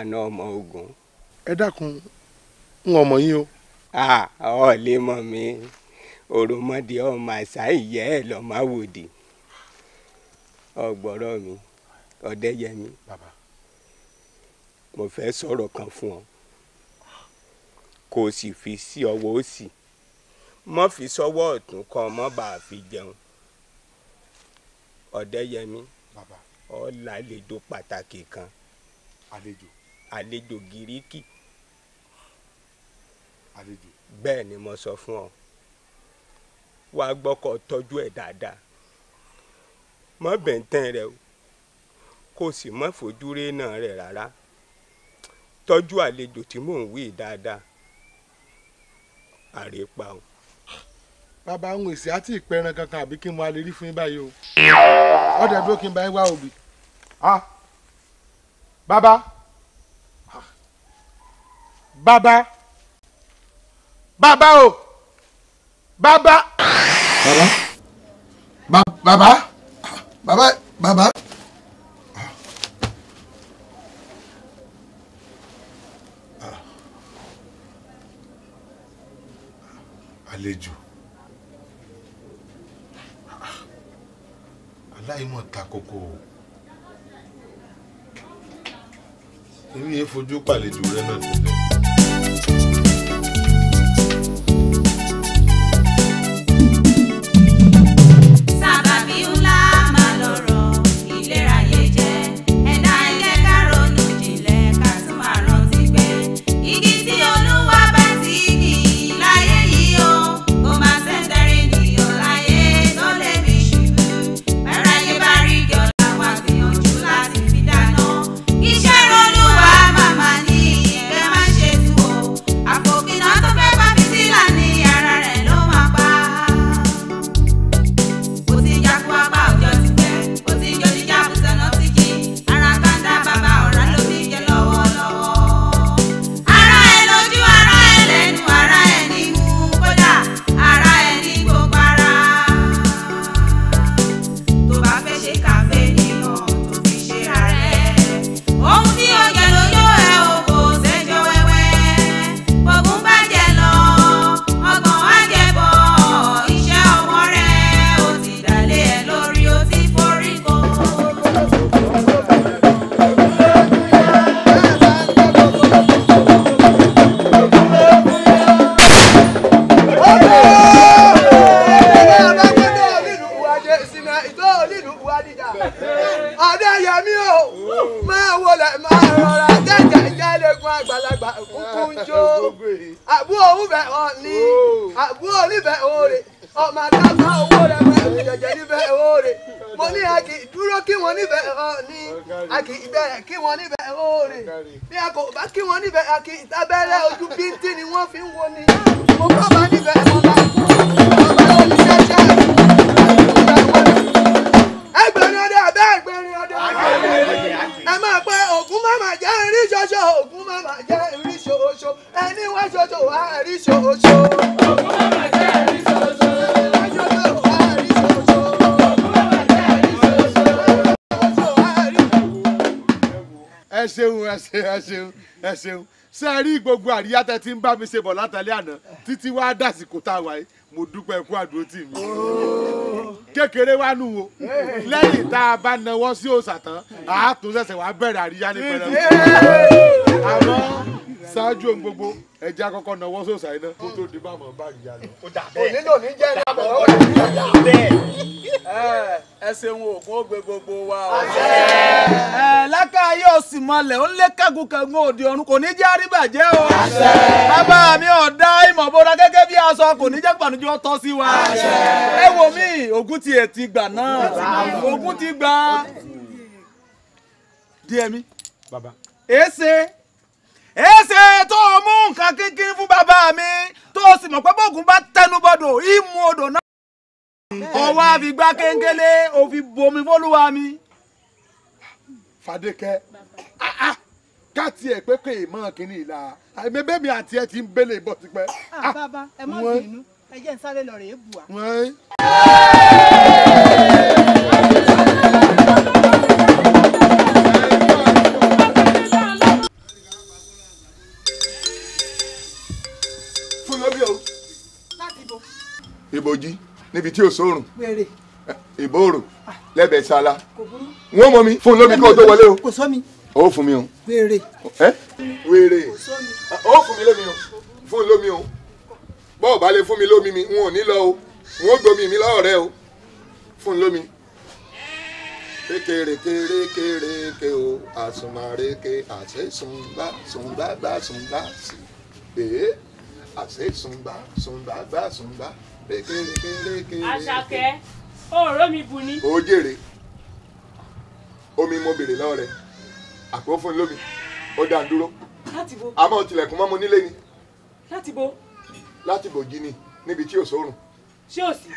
àwa náà mọ ogun. ẹ dákun ń ọmọ yín o. ọ lè mọ mi òròmọdé ọmọ àṣà ìyẹ́ ẹ̀ lọ́mọ àwòdì ọgbọ́rọ̀ mi ọ̀dẹ́yẹmí mo fẹ́ sọ̀rọ̀ kan fún ọ kó o sì fi sí ọwọ́ òsì mọ́ fi sọ́wọ́ ọ̀tún kan mọ́ bá a fi jẹun ọ̀dẹ́yẹmí ọ lálejò pàtàkì kan. àlejò àlejò gíríkì bẹ́ẹ̀ ni mo sọ fún ọ wá gbọ́kọ̀ tọ́jú ẹ̀ dáadáa mọ́ bẹ̀ntẹ́n rẹ kò sì mọ́ fojú náà rẹ rárá tọ́jú àlejò tí mò ń wí dáadáa àrèpa o. bàbá ń wèsì àti ìpẹran kankan àbí kí n mọ alẹ́ rí fún yín báyìí o ọ̀dà dúró kí n bá yín wá òbí. Ah! bàbá baba baba o baba baba baba baba baba bàbá. àlejò aláìmọ̀ ta kókó o èmi yẹn fojú pàlejò rẹ náà tẹ́lẹ̀. ẹ ṣeun ṣé ẹ rí gbogbo àríyá tẹ ti ń bá mi ṣe bọ̀ látàlẹ́ àná títí wá dàsìkò tá a wà yìí mo dúpẹ́ kú àdúró tì mí kékeré wá nù wo lẹ́yìn tá a bá nawọ́ sí òòsà tán àá tún ṣẹ̀ṣẹ̀ wá bẹ̀rẹ̀ àríyá ní pẹ̀lẹ́ ṣáájú ohun gbogbo ẹja kọ́kọ́ náwó sòsà iná kó tó di bá àmọ́ bá ìyá lọ. òní lò ní jẹ́ ní àmọ́ lọ́wọ́ ní ìyá. ẹ ṣeun oògùn ó gbé gbogbo wa ẹ lákà yóò mọlẹ̀ ó lé kẹ́gùnkẹ́gùn òde ọ̀run kò ní jẹ́ àríbàjẹ́ o. bàbá mi ò ìmọ̀ bóra gẹ́gẹ́ bí aṣọ kò ní jẹ́ pàdújọ́ tọ́ sí wa. ẹ wo mi ògùn ti ètí gbà náà ògùn ti gbà díẹ̀ mi. bàbá. èsè èsè tó o mú nǹkan kínkín fún bàbá mi tó o sì mọ̀ pé bóògùn bá tẹnubọdọ̀ ìmú odò náà. ọwọ́ àfigbá kéńkélé òfin bomi fólúwa mi. fàdékẹ́ ah, ah, káàtì ẹ̀ pé kò mọ̀ kínní ìlà àìmẹ́bẹ́mi àti ẹ̀ ti ń bẹ́lẹ̀ ìbọn tipẹ́. Ah, bàbá ẹ má bínú ẹ jẹ́ ń sáré lọ rèé bùa. ìbòjí níbi tí ò sóòrùn eh, ìbòòrò ah. lẹ́bẹ̀ẹ́ sala wọ́n mọ mi fún lómi kó o tó wọlé o kò sọ mi o fún mi o wèrè ẹ eh? wèrè o fún mi lómi o fún lómi o bọ́ọ̀ bá lè fún mi lómi mi wọn ò ní lọ o wọn ò gbomi mi lọ́wọ́ rẹ o fún lómi kékerékerékeréke o àsùnmàrèké àṣẹsùnbà sùnbà gbà sùnbà sí ee àṣẹsùnbà sùnbà gbà sùnbà àṣàkẹ́ òòró mi bu ni. ó jèrè omi mo bèrè lọ́wọ́ rẹ̀ àpò fún lómi ó dá dúró àmọ́ tilẹ̀kùn mọ́ mo nílé ni. láti bo. láti bo jí ni níbi tí ò sórùn. ṣé ò sí.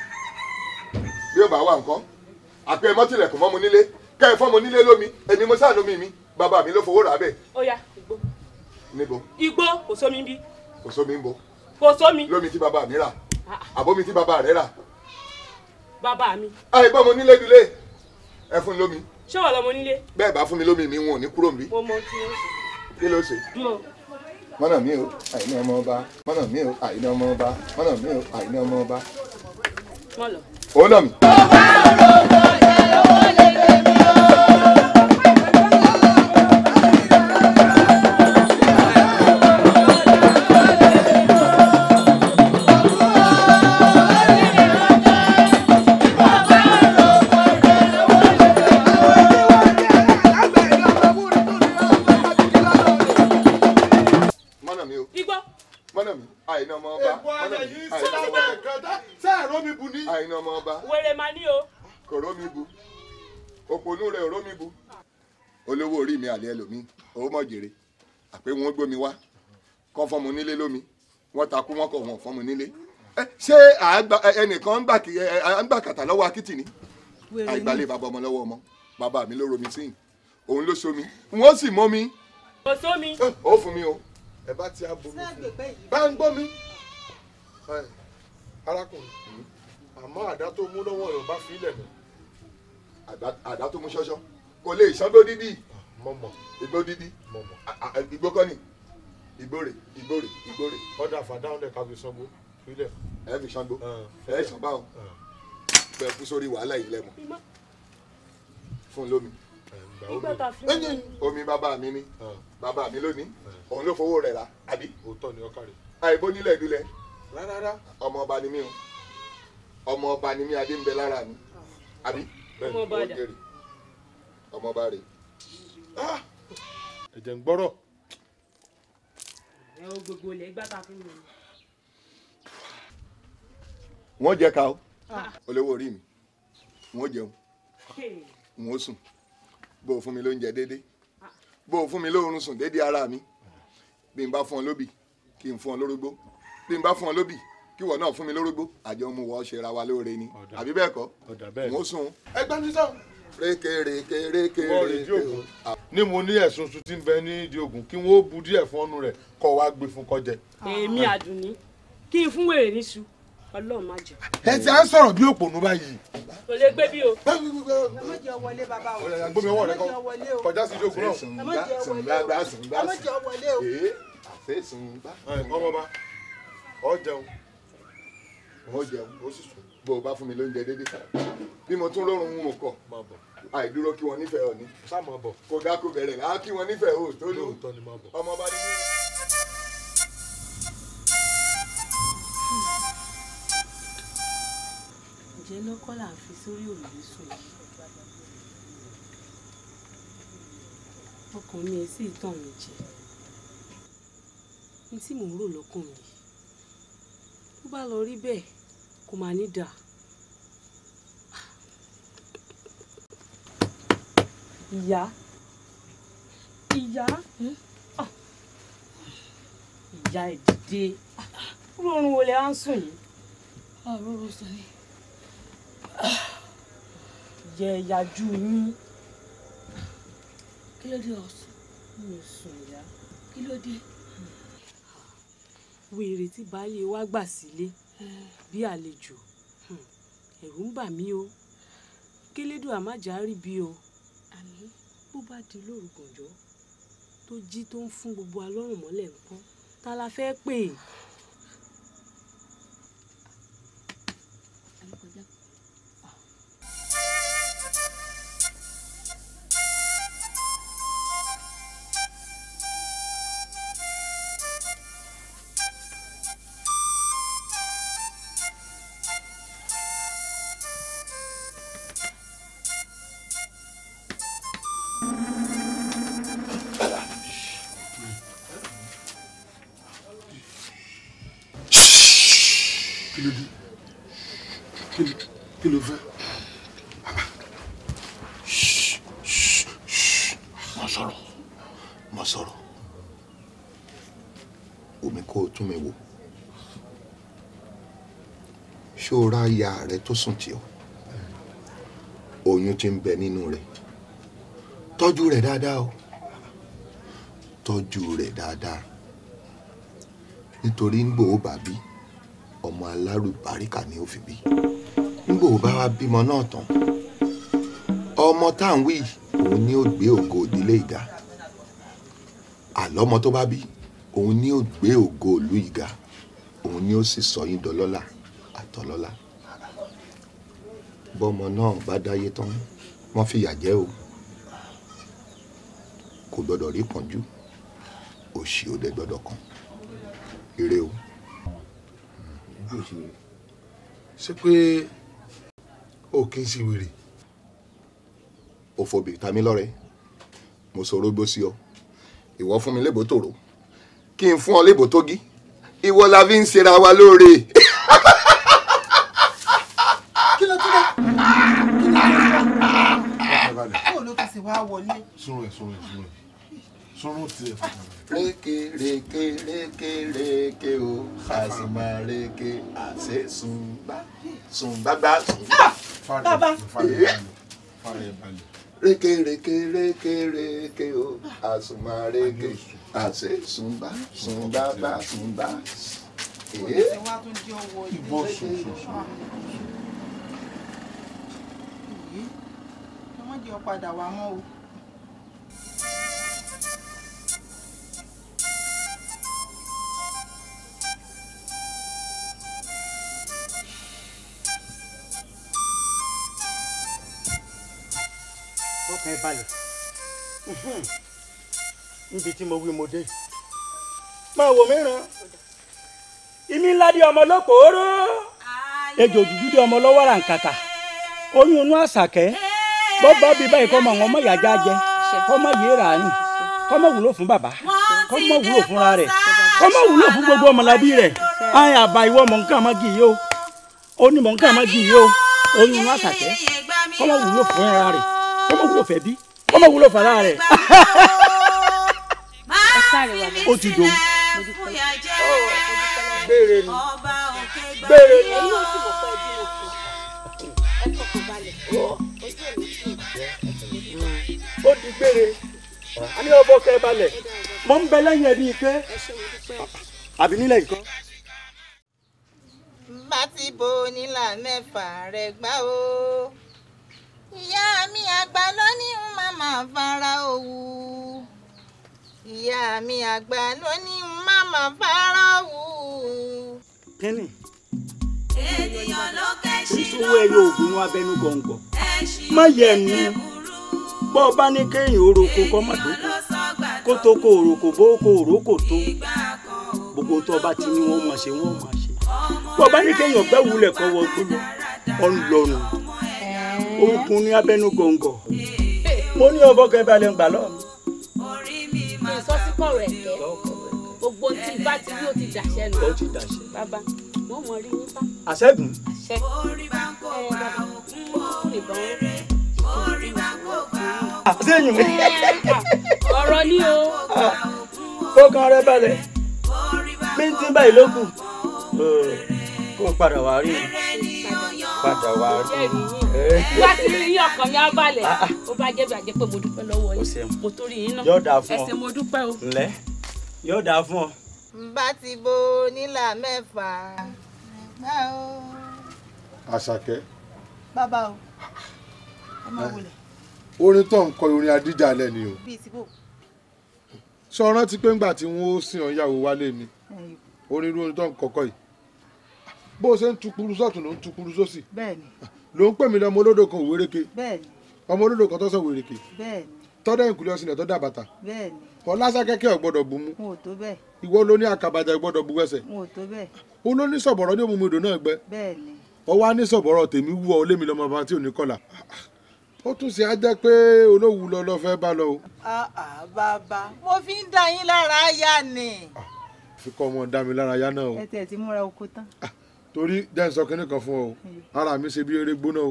bí ó bá wà nǹkan àpò ẹ̀mọ́ tilẹ̀kùn mọ́ mo nílé kẹ́ ẹ fọ́ mo nílé lómi èmi mo sáà lómi mi bàbá mi ló fowó rà á bẹ̀. ó yá igbó. níbo. igbó kò sómi ń bí. kò sómi ń bo. kò sómi. lómi tí bàbá mi rà àbómi tí bàbá rẹ rà. bàbá mi. àìgbọ́ mo nílé dulé ẹ fún mi lómi. ṣé wà lọmọ nílé. bẹ́ẹ̀ bá fún mi lómi mi wọn ò ní kúrò nbí. mo mọ kí ló ṣe. kí ló ṣe. dúró. mọ́nà mi o àìní ọmọ ọba mọ́nà mi o àìní ọmọ ọba mọ́nà mi o àìní ọmọ ọba. mọ́ òun náà mi. ọba àròkọ ìyá ló wọlé. mi àlẹ́ ẹlòmíì owó mọ̀ jèrè àpé wọ́n gbómi wá kọ́ fọ́mù nílé lómi wọ́n takú wọ́n kọ̀ wọ́n fọ́mù nílé ṣé ẹnìkan ń gbà kàtà lọ́wọ́ akitì ni àìgbálẹ̀ bàbá ọmọ lọ́wọ́ ọmọ bàbá mi ló romi síyìn òun ló somi wọ́n sì mọ́ mi. kò sómi. ó fún mi o ẹ bá ti á bomi fún mi bá ń gbọ́ mi arákùnrin àmọ́ àdá tó mú lọ́wọ́ rẹ̀ ò bá fi ilẹ̀ mọ́. àdá tó mú ṣọ́ṣọ́ kò lè ṣán lódìdí mọ̀mọ̀. igbó dídí mọ̀mọ̀. igbó kọ́ni ìgbórè ìgbórè ìgbórè. ọ̀dà àfàdáhùn dẹ̀ ká fi sango sílẹ̀. ẹ fi sango ẹ sanba o bẹ kú sórí wàhálà ìlẹ̀ mọ̀ fún lómi. ìgbà omi bàbá mi ni bàbá mi lónìí òun ló fowó rẹ̀ ra àbí. òótọ́ ni ọkà rẹ̀. àìbó nílẹ̀ ìdúlẹ̀ rárá ọmọ ọba ni mí o ọmọ ọba ni mí adé ń bẹ lára mi àbí. ọmọ ọba rè Ah! ẹ̀jẹ̀ ń gbọ́rọ̀. ẹ o gbogbo ilẹ̀ gbàgbà fún mi. wọ́n jẹ́ ká o ah. olówó orí mi wọ́n jẹun wọ́n sùn bó o fún mi lóúnjẹ déédéé ah. bó o fún mi lóorun sùn déédéé ara mi bí n bá fún ọ lóbì kí n fún ọ lórógbó bí n bá fún ọ lóbì kí wọn náà fún mi lórógbó àjọ mu wọ ṣe ra wa lóore ni àbí bẹ́ẹ̀ kọ́ wọ́n sùn. ẹgbẹ́ mi sọ̀rọ̀ rékèrèké rékèrèké o. ní mo ní ẹ̀sùn tuntun tí ń bẹ ní ìdí kí wọ́n bu díẹ̀ fún ọnu rẹ̀ kọ́ wa gbé fún kọjẹ. èmi ah. àdùnní kí n fún wèrè níṣu ọlọ́run má jẹ. ẹ ti à ń sọ̀rọ̀ bí òpònú báyìí. kò lè gbé bí o. ẹ má jẹ́ wọlé bàbá o. gbọ́mi ọwọ́ rẹ kọjá sí ìdí náà. ẹ má jẹ́ wọlé o. àfẹ́sùn gbá. ọmọ ọba ọ jẹun ọ jẹun ó sì sùn bó o bá fún mi lóúnjẹ dédé bí mo tún lọ́rùn mú kọ àìdúró kí wọ́n nífẹ̀ẹ́ òní kò dákú bẹ̀rẹ̀ á kí wọ́n nífẹ̀ẹ́ ò tó lù ọmọ bá dé. ǹjẹ́ lọ́kọ́ là ń fi sórí òrùlé sùn yìí ọkùnrin ẹ sì tàn mí jẹ ní tí mò ń rò lọ́kàn mi bó bá lọ rí bẹ́ẹ̀ kò máa ní dà. ìyá ìyá hmm? ah. ìyá ìdìde rọrùn wo lè wá ń sùn yìí. àròrò ah, sọ ni. Ah. yẹ ìyájú yín. kí ló dé ọ̀sán. mi ò sùn ìyá. kí ló dé. wèrè tí baálé wa gbà sílé. Mm bí àlejò hmm, ẹ̀rù ń bà mí o kélédùn àmájà rí bí o àmín bó bá di lóru gànjọ́ tó jí tó ń fún gbogbo alọ́rùn mọ́lẹ̀ ńkọ́ ta la fẹ́ pè é. aya rẹ tó sùn tì ọ́ oyún ti ń bẹ nínú rẹ tọ́jú rẹ dáadáa o tọ́jú rẹ dáadáa nítorí ńgbò ó bàbí ọmọ alárùbáríkà ni ó fi bí ńgbò bá wa bímọ náà tán ọmọ tá à wí òun ni ó gbé ògo ìdílé ìdá àlọ́mọ tó bá bí òun ni ó gbé ògo ìlú ìga òun ni ó sì sọ yín dọlọ́lá àtọlọ́lá. bọ́mọ náà bá dáyé tán wọ́n fìyà jẹ́ o kò gbọ́dọ̀ rí kánjú òṣì òde gbọ́dọ̀ kan ire o. ṣé pé o kì í ṣe wèrè. òfòbì tàmí lọ́rẹ́ mo sọ orógbó sí ọ ìwọ fún mi lébò tòrò kí n fún ọ lébò tógi ìwọ la fi ń ṣera wa lóore. sì wá wọlé. sọ̀rọ̀ ẹ sọ̀rọ̀ ẹ sọ̀rọ̀ ẹ sọ̀rọ̀ tiẹ̀. rékè rékè rékè rékè o a sì máa rékè àṣẹ sùnbà sùnbàgbà sùnbà. bàbá fara ẹ balẹ̀. rékè rékè rékè rékè o a sì máa rékè àṣẹ sùnbà sùnbàgbà sùnbà. ìbọn sùn sùn káyọ̀dé ó padà wá mọ́ o. ẹ balẹ̀ tí mo wí mo dé máa wò mìíràn ìmí ńlá di ọmọ lókòóró ejò dúdú di ọmọ lọ́wọ́ ràǹkàkà oyún inú àṣàkẹ́. bọ́ bá bí báyìí kọ́ mọ àwọn ọmọ ìyá jájẹ kọ́ mọ yé rà ní kọ́ mọ wúlò fún bàbá kọ́ mọ wúlò fúnra rẹ̀ kọ́ mọ wúlò fún gbogbo ọmọlábí rẹ̀ àyìn àbá ìwọ mọ̀ nǹkan àmọ́ gì yìí o ó ní mọ̀ nǹkan àmọ́ gì yìí o oyún inú àtàtẹ́ kọ́ mọ wúlò fúnra rẹ̀ kọ́ mọ wúlò fẹ̀bí kọ́ mọ wúlò fúnra rẹ̀ ó ti dòun béèrè ni béèrè ni ó di gbére a ní ọbọ kẹ balẹ̀ mo ń bẹ lẹ́yìn ẹbí pé àbí nílẹ̀ nǹkan. bá ti bo nílà mẹ́fà rẹ̀ gbá o ìyá mi àgbà lónìí ń má máa fara òwú ìyá mi àgbà lónìí ń má máa fara òwú. kínní. ènìyàn ló kẹ́ sí lọ́wọ́. ìṣòwò ẹyọ oògùn abẹnú gọ̀ǹgọ̀ má bọ́ ọ bá ní kéèyàn oroko kọ́ mà dóko kó tó ko òròkò bó ko òròkò tó gbogbo tó ọba ti ní wọn máa ṣe wọn máa ṣe bọ́ ọ bá ní kéèyàn gbẹ́ wulẹ̀ kọ́ wọ gbólọ ọlọ́run orúkún ní abẹ́nú gọ̀ǹgọ̀ mo ní ọbọ̀ kẹ́ balẹ̀ ń gbà lọ. ìsọsíkọ̀ rẹ̀ kẹ́ gbogbo tí bá ti yóò ti dàṣẹ́ lọ bàbá wọ́n mọ̀ rí nípa. àṣẹ́gun. àṣẹ. ẹ bàbá kúrò ìbọn orí bá kó bá àṣeyìn mi. ọ̀rọ̀ ni o. kókan rẹ balẹ̀ bíntín báyìí ló kù kó padà wá rí padà wá rí. bá ti rí yín ọkàn mi á balẹ̀ ah, ah. ó bá jẹ́ bí àjẹ́ pé mo dúpẹ́ lọ́wọ́ yín mo tó rí yín náà ẹsẹ̀ mo dúpẹ́ o. ǹlẹ́ yóò dáa fún ọ. bá ti bo nílà mẹ́fà àṣàkẹ́. bàbá o ẹ má wulẹ̀ orin tó ń kọ orin Adíjàlẹ̀ ni o. bíi ti bò. sọ rántí pé ńgbà tí wọ́n ó sìn ọ́ wálé mi orin irú orin tó ń kọ́kọ́ yìí bó o ṣe ń tukuru sọ́tún ló ń tukuru sósì. bẹ́ẹ̀ni. ló ń pè mí lọmọ olódò kan wéreke. bẹ́ẹ̀ni. ọmọ olódò kan tó sọ wéreke. bẹ́ẹ̀ni. tọ́dọ̀ ìkúlẹ̀ ọ̀sìn rẹ̀ tó dà bàtà. bẹ́ẹ̀ni. ọlásà kẹ́kẹ́ ọ̀gbọ́dọ̀ bù mú. n ò tó bẹ́ẹ̀. ìwọ ló ní àkàbàjà ìgbọ́dọ̀ bu ẹsẹ̀. n ò tó o ló ní sọ̀bọ̀rọ̀ ní òmùmí ìdò náà gbẹ. bẹ́ẹ̀ni. ọwọ́ á ní sọ̀bọ̀rọ̀ tèmi wú ọ lémi lọmọ bàbá tí ò ní kọ́là ó tún ṣe á jẹ́ pé olówù lọ fẹ́ bá lọ o. Ah, ah, bàbá mo fi ń dá yín lára yá ni. Ah, fi kọ́ ọmọ dá mi lára yá náà o. ẹ tẹ̀ ti múra oko tán. torí jẹ́ sọ kínní fún ọ o ara mi ṣe bí eré gbóná o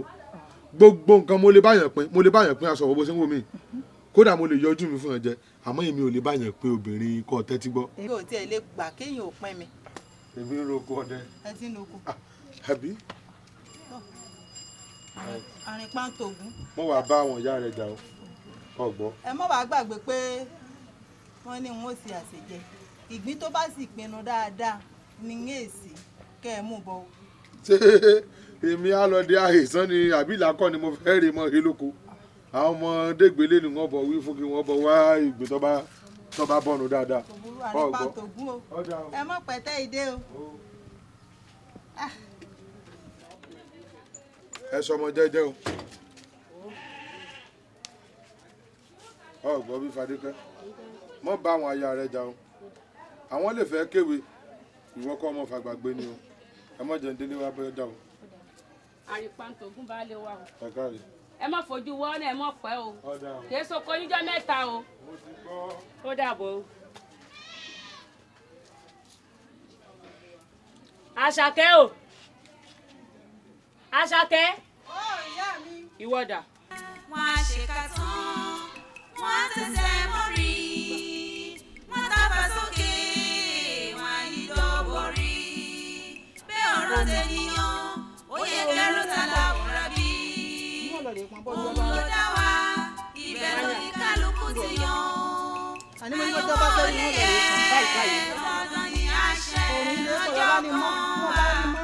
gbogbo nǹkan mo lè báyàn pín mo lè báyàn pín aṣọ òwò sínú mi kódà mo lè yọjú mi fún ẹ jẹ àmọ́ èmi ò lè báyàn pín obìnrin kọ́ tẹ́tí gbọ́. èmi ò tiẹ̀ lè gbà kéèyàn ò pín mi. èmi ń roko ọdẹ. ẹ ti ń roko. àbí. Oh àrìn pàǹtògún. mo wàá bá àwọn ìyá rẹ jà o ọgbọ. ẹ mọ̀ wàá gbàgbé pé wọ́n ní wọn ò sì àṣejẹ ìgbín tó bá sì pinnu dáadáa ní ń èsì kẹ́ ẹ mú bọ̀. ṣé èmi á lọ dé àhẹsán ni àbí làákọ ni mo fẹ́ rè mọ́ elóko àwọn ọmọdé gbélé ni wọ́n bọ̀ wí fún kí wọ́n bọ̀ wá ìgbín tó bá tó dáadáa. òwúrọ̀ àrùn ẹ mọ̀ pẹ́tẹ́ ìdé o ẹ sọmọ jẹ́jẹ́ o ọgbọ bí Fadékẹ́ mọ bá àwọn aya rẹ jà o àwọn lè fẹ́ kéwe ìwọ kọ ọmọ fàgbàgbé ni o ẹ mọ jẹun délé wa bẹ jà o. àrìpàǹtògún bá lè wà o ẹ má fojú wọ́ọ́nà ẹ má pẹ́ o kì í sọkọ yíjọ́ mẹ́ta o ó dàbọ̀ o. àṣàkẹ́ Àṣàkẹ́. ó ìyá mi. ìwọ́dà. wọ́n á ṣèkà tán wọ́n á tẹ̀sẹ̀ mọ́rí wọ́n tábà sókè wọ́n á yí dọ́wọ́ bẹ́ẹ̀ ọ̀rọ̀ tẹ̀yìnyàn ó yẹ kẹ́rù ta làwòrán bí. òun ló dá wa ibẹ̀ ló ní kálukú ti yan. ayọ̀ ó lè yẹ ọ̀dọ̀ ní àṣẹ ọjọ́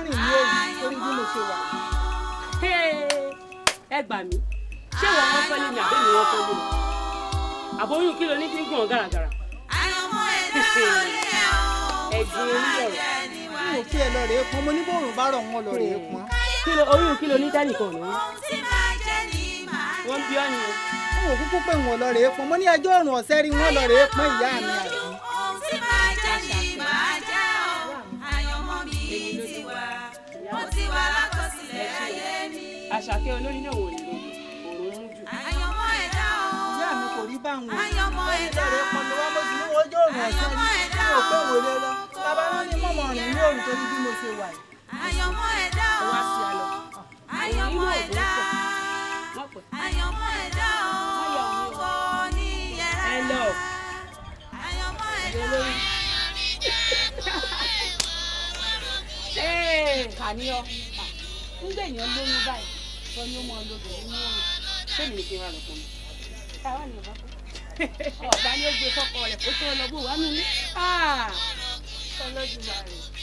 kan ayọ̀ ó ẹ gbà mí ṣé wọn kọ́ fẹ́lẹ́ mi àbẹ́mi wọn fẹ́lẹ́ mi àbóyún kí ló ní kí n gùn ọ́ gàràgàrà. ẹ̀gbìn oníyọ̀rọ̀. mi ò kí ẹ lọ rèé pọn mo ní bóòrùn bá rọ̀ wọn lọ rèé pọn. oyún kí ló ní dání kan lóyún. wọ́n bí ọ́ ni o. wọn ò kúkú pé wọn lọ rèé pọn mo ní ẹjọ́ ọ̀rùn ọ̀sẹ́ rí wọn lọ rèé pọn ìyá mi àti. àṣàkẹ́ olónílòwò ìlò òrùn mú jù. àyànmọ́ ẹ̀dá o. ìyá mi kò rí báwọn. àyànmọ́ ẹ̀dá o. ẹ̀rẹ̀ pọnmi wá mi ò pé wòlé lọ. bàbá wọn ní mọ̀mọ́ rìn ní òrùn torí bí mo ṣe wà yìí. àyànmọ́ ẹ̀dá o. wá ẹ̀dá o. àyànmọ́ ẹ̀dá o. kò ní yẹra. ẹ lọ. àyànmọ́ ẹ̀dá o. ẹ̀ẹ́ kàníọ́ nígbà èèyàn lóyún báyìí sọ ni ó gbé fọkọ rẹ kó tó lọ bó wà nínú. Ah! ọlọ́dún máa rè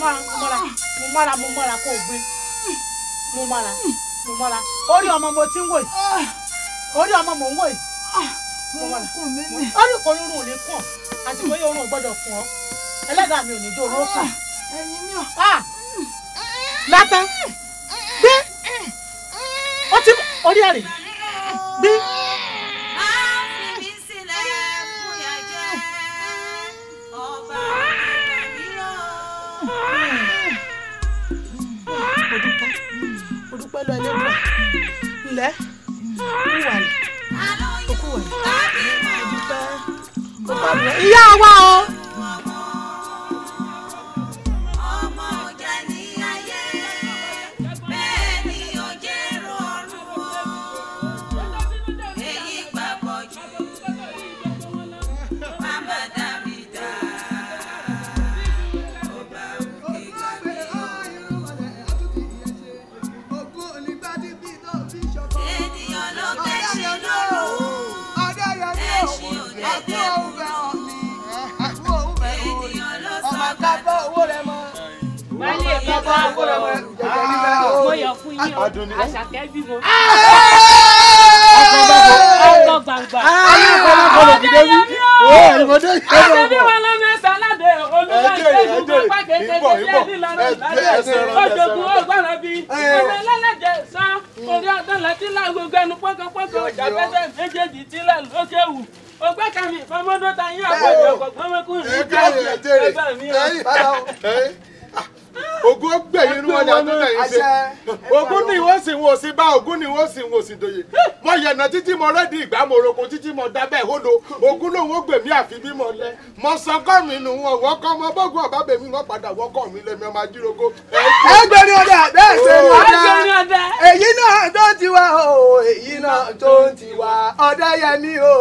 mọ́ra mo mọ́ra mo mọ́ra mo mọ́ra kó o gbé mo mọ́ra mo mọ́ra orí ọmọ mo ti ń wò yìí orí ọmọ mò ń wò yìí orí kò rúrun ò lè kàn àti bóyá orun ò gbọ́dọ̀ kàn ọ́ ẹlẹ́dàá mi ò ní jó olóòkà. ẹ̀yin mi ò. pẹ̀lẹ́ kú wà ní kú wà ní ìyá wa ọmọ ajíròkó. ẹgbẹ̀rin ọ̀dà bẹ́ẹ̀ ṣe ń ọ̀dà èyí náà tó ń tiwa o èyí náà tó ń tiwa ọ̀dẹ́yẹmí o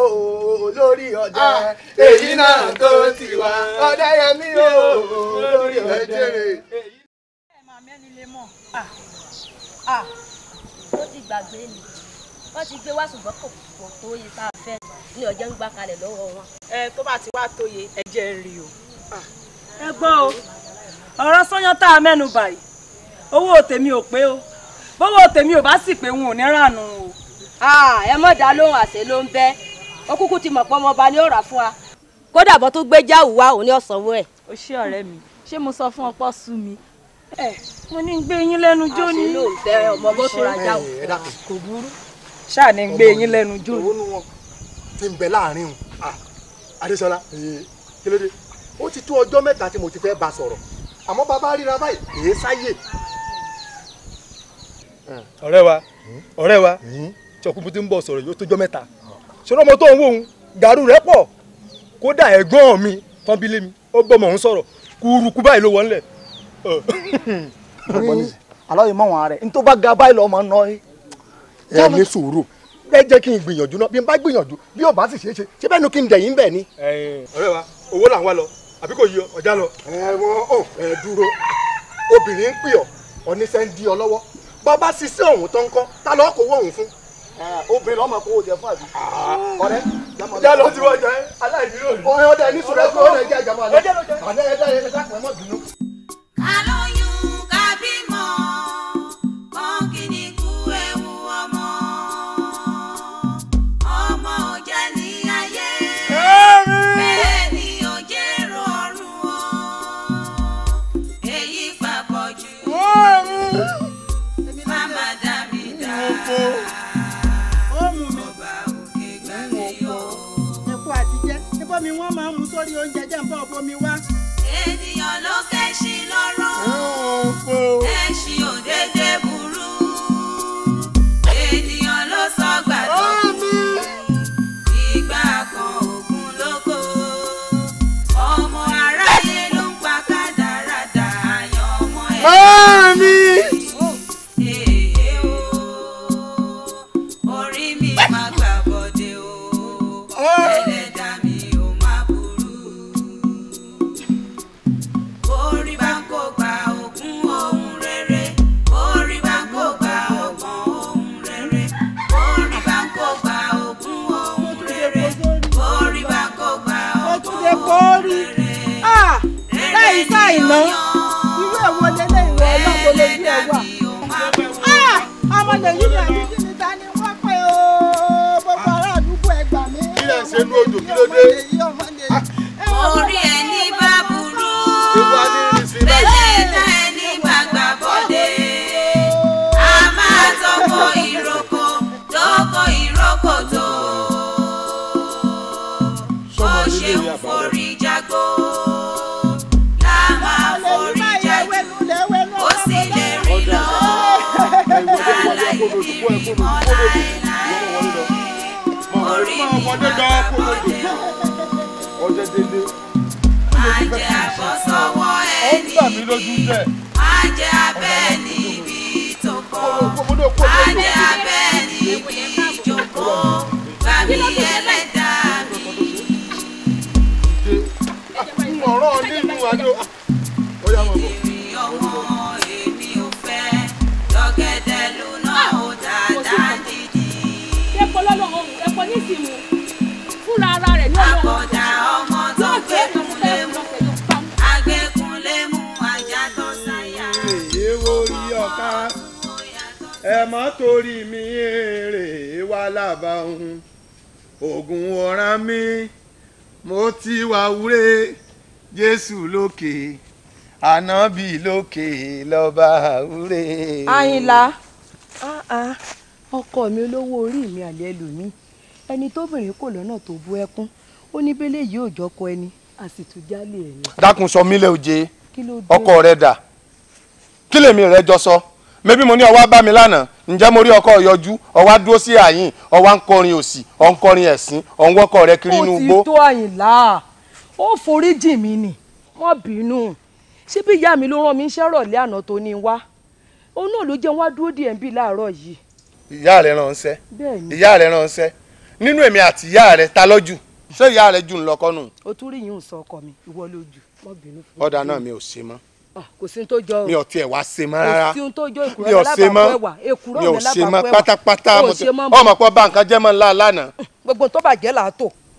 lórí ọ̀dẹ́ ah, èyí náà tó ń tiwa ọ̀dẹ́yẹmí o lórí ọ̀dẹ́. ẹ máa mẹ́ni lé mọ̀ ah, ah, ó ti gbàgbé ni wọ́n ti gbé wá ṣùgbọ́n kò kò tó yẹ tá a fẹ́ ní ọjọ́ ń gbá kalẹ̀ lọ́wọ́ wọn. ẹ tó bá ti wá tó yẹ ẹ jẹ́ ń rí o. ẹ gbọ́ o ọ̀rọ̀ sọ́yán tá a mẹ́nu báyìí owó tèmi ò pé o bówó tèmi ò bá sì pé wọn ò ní rànù o. ẹ mọ̀ dá lóhùn àṣẹ ló ń bẹ́ ó kúkú ti mọ̀ pé ọmọọba ni ó rà fún wa kódà bọ́ tó gbé jáwù wá òun ní ọ̀sánwó ẹ̀. o ṣé ọ̀rẹ́ mi ṣé mo sọ fún ọpọ́ sú mi. ẹ mo ní gbé yín lẹ́nu jó ni. àṣìlò ìfẹ́ ọmọ bó ṣe ra jáwù. kò burú ṣáà ní gbé yín lẹ́nu jó ni. òun wọn ti ń bẹ láàrin o Adéṣọlá kí ló dé ó ti tó ọjọ́ mẹ́ta tí mo ti fẹ́ bá sọ̀rọ̀ àmọ́ bàbá ríra báyìí kìí sáyè. ọ̀rẹ́ wa hmm? ọ̀rẹ́ wa tọkùnrin hmm? tí ń bọ̀ sọ̀rọ̀ yóò tójọ́ mẹ́ta ṣọlá ọmọ tó ń wò ń gàrú rẹ̀ pọ̀ kódà ẹ̀gbọ́n mi tọ́bílé mi ó bọ́ mọ̀ ń sọ̀rọ̀ kúrukú báyìí ló wọlé. aláwọ̀ mọ̀ wọn rẹ̀ n tó bá ga báyìí lọ́mọ náà. E. ẹ ní sùúrù ẹ jẹ́ kí n gbìyànjú náà bí n bá gbìyànjú bí ò bá sì ṣeé ṣe ṣé bẹ́ẹ̀ nu kí n dẹ̀yìn bẹ́ẹ̀ ni. ọ̀rẹ́ wa owó là lọ àbí kò yí ọjà lọ. ẹ wọn ò fẹ́ dúró obìnrin ń pè ọ oníṣẹ́ ń di ọ lọ́wọ́ bàbá ṣiṣẹ́ ọ̀hún tó ń kọ́ ta lọ́ọ́ kó wọ́ọ̀hún fún. obìnrin ọmọ kò jẹ fún àbí. ọ̀rẹ́ ọjà lọ ti wọ́n jẹ aláìní lónìí. ọ̀rẹ́ ọ̀dà ẹni sọ̀rọ̀ ẹ̀kọ́ ọ̀rẹ́ ẹ̀jẹ̀ àjàmọ́ àlẹ́ àlẹ́ ẹ̀dá ẹ̀dá ẹ̀dá ẹ̀dá ẹ̀dá oúnjẹ jẹ́ ń bọ́ bomi wá. ènìyàn ló kẹ́sì lọ́rọ̀ ẹ̀sì òdédé burú ènìyàn ló sọ gbàdúrà ìgbà kan ògùn lóko ọmọ aráyé ló ń pa kádàrádà àyàn ọmọ ẹ̀. ànábì lókè lọ́ba àwúrè. àyìnlá ah, ah. ọkọ mi olówó orí mi àlẹ́ lòmí ẹni tóbìnrin kò lọ́nà tó bú ẹkún ó ní bẹ́lẹ̀ yìí ò jọkọ ẹni a sì tún jálè ẹ̀yìn. dákun sọ mí lẹ́ ọkọ rẹ dà kí lèmi rẹ jọ sọ mẹbí mo ní ọwá bá mi lánàá ǹjẹ́ mo rí ọkọ yọjú ọwá dúró sí àyìn ọwá ń kọrin òsì ń kọrin ẹ̀sìn kiri inú o ti tó àyìnlá ó forí jì mí nì ṣé bí ìyá mi ló rán mi ń ṣẹ́rọ̀lẹ́ àná tó ní wá òun náà ló jẹun wá dúró díẹ̀ ń bí láàárọ̀ yìí. ìyá rẹ ránṣẹ́ ìyá rẹ ránṣẹ́ nínú èmi àti ìyá rẹ ta lọ́jù ṣé ìyá rẹ jù ń lọ kọ́nù. o tún rí yìnyín sọ ọkọ mi ìwọ ló jù. ọ̀dà náà mi ò ṣe mọ́. Ah, kò sí tó jọ o mi ò tiẹ̀ wá ṣe mọ́ rárá mi ò ṣe mọ́ mi ò ṣe mọ́ pátápátá ọmọ pọ̀ bá nǹkan jẹ́ mọ́ ńlá lánàá. gbogbo tó bàjẹ́ là á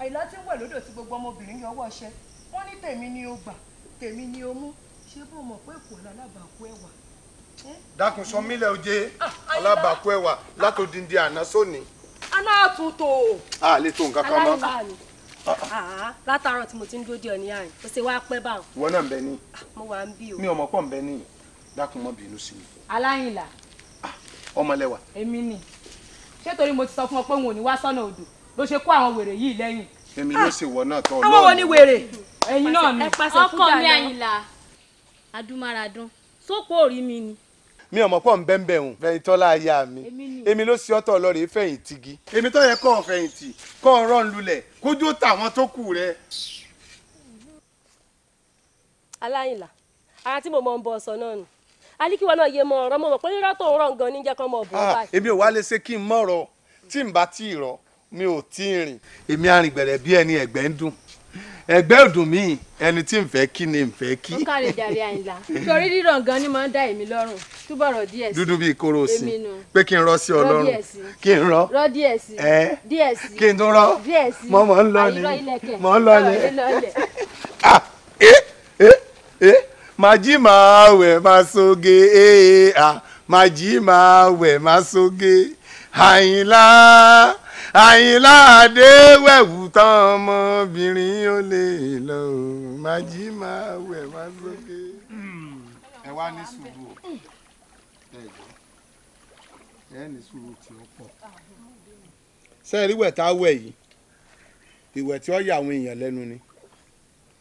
àyìnlá ti ń wẹ̀ lódò sí gbogbo ọmọbìnrin yọwọ́ ṣẹ wọ́n ní tèmi ni o gbà tèmi ni o mú wọn mọ̀ pé èkó lálábàákú ẹ̀wà. dákun sọ mílẹ̀ oje ah, alábàákú ẹ̀wà látòdìndí àná sóni. aná àtúntò. a lè tó nǹkan kan mọ́. aláìbá ni ah, ah. látàárọ̀ tí mo ti ń dúró di ọ̀ní ó ṣe wá pẹ́ báwọn. ìwọ náà ń bẹ ní. mo wà ń bí o. mi ò mọ̀ pọ̀ ń bẹ ní dákun mọ́ bínú sí mi. aláyìnlá. ọmọlẹ́wà. èmi nì ṣé torí mo ti sọ fún ọ pé òun ò ní wá sọ́nà odò ló ṣe kó àwọn wèrè yìí lẹ́yìn. èmi ló ṣèwọ náà tán ọlọ́run. àwọn wo ni wèrè. ẹ̀yin náà ni. ọkọ mi àyìnlá adúmáradán sóko òrí mi ni. mi ò mọ̀ pọ̀ ń bẹ́ńbẹ́ òun fẹ̀yìn tọ́lá aya mi èmi ló ṣe ọ́tọ̀ lọ́ọ̀rẹ́ fẹ̀yìntì gi èmi tó yẹ kọ́ fẹ̀yìntì kọ́ ọ̀rọ̀ ń lulẹ̀ kójú tàwọn tó kù rẹ. aláìlà ara tí mo mọ ń bọ ọsàn náà nù alíkíwọ náà yé mọ ọ̀rọ̀ mo mọ pé rírọ tó ń rọ nǹkan níjẹ kan mọ ọbọ ah, báyìí. èmi ò wá lè ṣe kí n mọ̀rọ̀ tí n bá tí ì rọ mi ò tí ì rìn èmi arìngbẹ̀rẹ̀ bí ẹni ẹ̀gbẹ́ ń dùn ẹgbẹ́ ọdún mi ẹni tí n fẹ́ kí ni n fẹ́ kí. ó kàlè jàre àyìnlá torí rírọ̀ gan ni máa ń dá èmi lọ́rùn túbọ̀ rọ̀ díẹ̀ sí. dúdú bíi kóró sí pé kí n rọ sí ọlọ́run kí n rọ rọ díẹ̀ sí ẹ díẹ̀ sí kí n tún rọ díẹ̀ sí mọ mọ ń lọ ni mọ ń lọ ni ah eh eh eh màá jí màá wẹ̀ màá soge eh ah màá jí màá wẹ̀ màá soge àyìnlá àyìnlá àdéwẹ̀wù tán ọmọbìnrin ó lè lọ màjí máa wẹ̀ má sókè. ẹ wá ní sùúrù o ẹ jọ ẹ ní sùúrù tí ó pọ̀. sẹ́ẹ̀rí wẹ̀ tá a wẹ̀ yìí ìwẹ̀ tí ó yà àwọn èèyàn lẹ́nu ni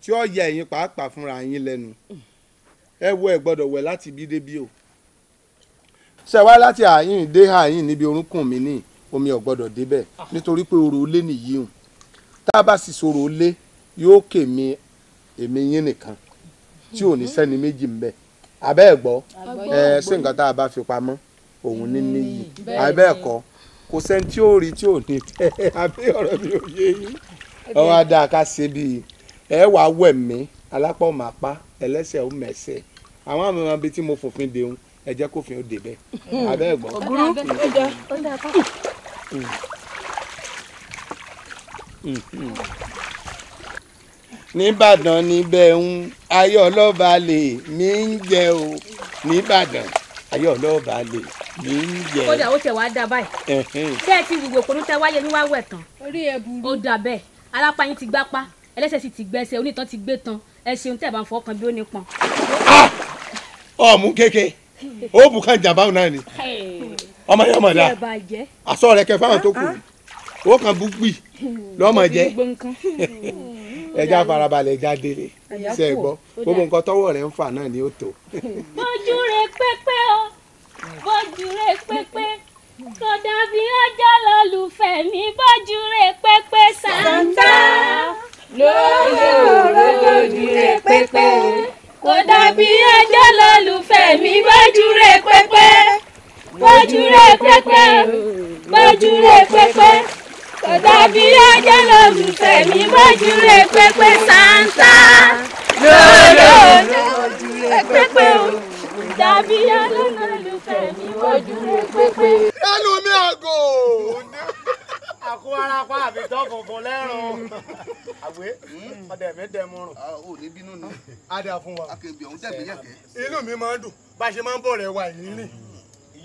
tí ó yà ẹ̀yin pàápàá fúnra yín lẹ́nu ẹ wo ẹ gbọ́dọ̀ wẹ̀ láti bí débi o ṣe wá láti àyìn dé àyìn níbi orúnkún mi nìyí omi ò gbọ́dọ̀ débẹ̀ nítorí pé orò olé nìyí hùn tá a bá sì sọ̀rọ̀ olé yóò kèmí èmi yín nìkan tí ò ní mhm. sẹ́ni méjì ń bẹ abẹ́ ẹ̀ gbọ́ ẹ ṣé nǹkan tá a bá fi pamọ́ òun ní níyì abẹ́ ẹ̀ kọ́ kò sẹ́ni tí ó rí tí ò ní tẹ́ abẹ́ ọ̀rọ̀ mi ò yé yín ọwọ́ adá ká ṣe bíi ẹ wàá wẹ̀ mí alápá ò máa pa ẹlẹ́sẹ̀ ò mẹ̀sẹ̀ àwọn àmì máa bi tí mo fòfin dèun ẹ jẹ́ kófin ó débẹ̀ abẹ́ ẹ̀ gbọ́ nìbàdàn níbẹ̀ ń ayọ̀ ọlọ́ba lè mí ń jẹ o nìbàdàn ayọ̀ ọlọ́ba lè mí ń jẹ. kódà ó tẹ̀ wá dá báyìí tẹ́ ẹ ti wùwò kò ní tẹ́ wáyé ní wá wẹ̀ tán ó dà bẹ́ẹ̀ alápá yín ti gbápá ẹlẹ́sẹ̀ sì ti gbẹ́sẹ̀ onítàn ti gbé tan ẹ ṣeun tẹ́ ẹ bá ń fọkàn bí ó ní pọn. Ah! ọmú kéke ó bùkán jàmbá náà ni ọmọ yẹn mọ̀ dá àsọ rẹ kẹ fáwọn tó kù ah, ah. ó kàn bú gbì lọ́mọ jẹ ẹja farabalẹ̀ ẹja délé ṣe é gbọ́ gbogbo nǹkan tọ́wọ́ rẹ̀ ń fà náà ni ó tó. bójú rẹ pépé o bójú rẹ pépé kò dàbí ọjọ́ lọ́lùfẹ́ mi bójú rẹ pépé sàǹtà lóye òròjú rẹ pépé kò dàbí ọjọ́ lọ́lùfẹ́ mi bójú rẹ pépé bójúre pépé bójúre pépé kódà bí ajá mi bójúre pépé sáńtà lòlò bójúre pépé o kódà bí ajá mi bójúre pépé. ẹnu mi àgò. àkó arapa àbí tọ́ funfun lẹ́rùn àwé ọdẹ mi dẹ mọrùn. o ní bínú ni. a dà fún wa. akébi ọ̀hún dẹ̀ inú mi máa ń dùn bá a ṣe máa ń bọ̀ rẹ̀ wà yìí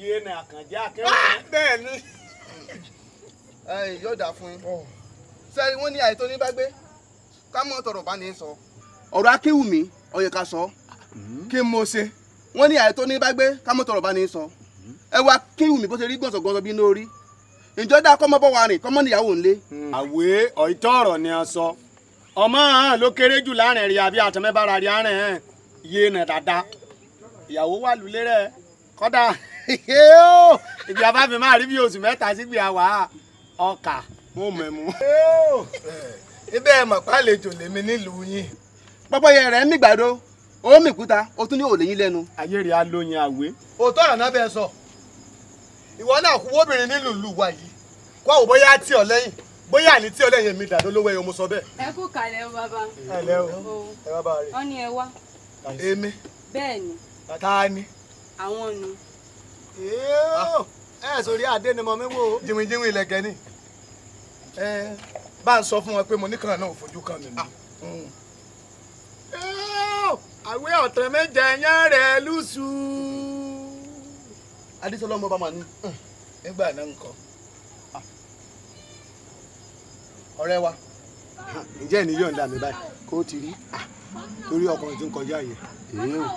yé ni àkànjẹ́ akẹ́wọ̀n. Ah, bẹ́ẹ̀ ni yóò dà fún yín sẹ́ni oh. wọ́n ní àìtó ní bágbé ká mọ̀ tọ̀rọ̀ bá ní sọ. ọ̀rọ̀ akéwùmí ó ká sọ mm-hmm. kí ṣe. wọ́n ní àìtó ní bágbé ká mọ̀ tọ̀rọ̀ bá ní sọ. Mm-hmm. ẹ wá bó ṣe rí gbọ̀nsọ̀gbọ̀nsọ̀ bí orí ìjọ bọ́ wa rìn kọ́mọ mm. ni a sọ ọmọ hàn ló ìbí abáfin máa rí bí oṣù mẹ́ta sígbì àwa ọkà mo mẹ̀mú. ibẹ̀ ẹ̀ mọ̀ pálejò lèmi nílùú yín. pọ́pọ́yẹ rẹ̀ ń mìgbàdo ó mìkúta ó tún ní òòlè yín lẹ́nu. ayé rẹ̀ á lóyin àwé. òótọ́ ọ̀rọ̀ náà bẹ́ẹ̀ sọ ìwọ náà kú obìnrin nílùú wa yìí kó àwọn bóyá tí ọ lẹ́yìn bóyá àní tí ọ lẹ́yìn mi dàdó lówó ẹyọ mo sọ bẹ́ẹ̀. ẹ kú kalẹ̀ o bàbá. ẹ lẹ o ẹ bàbá rẹ. wọ́n ní ẹ wá. èmi. bẹ́ẹ̀ ni. tata ni. àwọn nu ẹ sórí adé ni mo mi wò. jìnwìjìnwì ilẹ̀kẹ̀ ni bá ń sọ fún wọn pé mo níkan náà ò fojú kan mi ni. Ah. àwé ọ̀tàn méje yẹn rẹ̀ lùsù. adísọ́lọ́ mo bá ma ní nígbà náà nǹkan ah. ọ̀rẹ́ wa ah, ǹjẹ́ ẹni yóò ń dà mí báyìí kó o ti rí torí ọkùnrin tí ń kọjá yẹ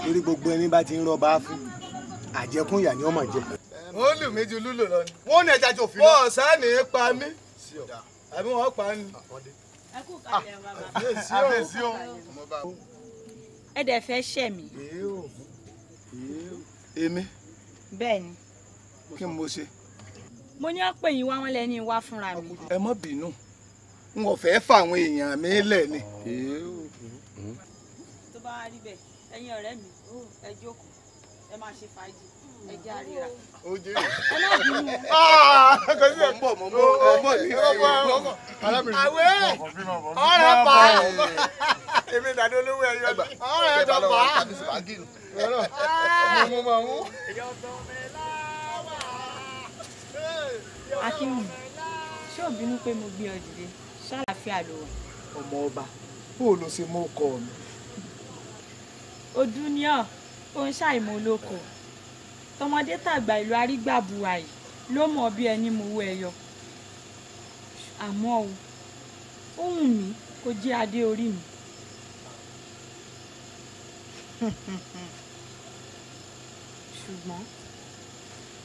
torí gbogbo ẹni bá ti ń rọba fún àjẹkún ìyà ni ọmọ jẹ. ó lù mí ju lúlò lọ ni. wọ́n ní ẹja jò fi lọ. wọ́n sani pa mí àbí wọ́n pa ni. Ah, ẹ kú kalẹ̀ ah, bàbá. àbẹ̀sí o. ẹ dẹ̀ fẹ́ ṣẹ̀ mí. èmi. bẹ́ẹ̀ni. kí ni mo ṣe. mo ní ọ̀pọ̀ èyí wá wọn lẹ́ni wá fúnra mi. ẹ má bínú n ò fẹ́ fà àwọn èèyàn mi lẹ̀ ni. tó bá rí bẹ́ẹ̀ ẹ̀yin ọ̀rẹ́ mi ẹ jókòó ẹ máa ṣe fàájì ẹ jẹ́ àríra. ó jẹ́ ẹ náà bí mi. mo ń bọ̀ mo ń bọ̀ mo ń bọ̀ ní ìwé ọkọ̀. àwẹ̀ ọ̀rẹ́ pa èmi dàdé olówó ẹ̀yọ́ ọ̀rẹ́ jọ pa. Ah! mo máa mú. akínwó ṣé ò bínú pé mo gbé ọ dìde ṣáláfíà ló wà. ọmọ ọba bó o lọ ṣe mú ọkọ mi. odúniọ̀ tó ń ṣàìmọ̀ olóko tọmọdé tàgbà ìlú arígbàbùwà yìí ló mọ̀ bí ẹni mowó ẹyọ àmọ́ o ó wù mí kó jẹ́ adé orí mi. ṣùgbọ́n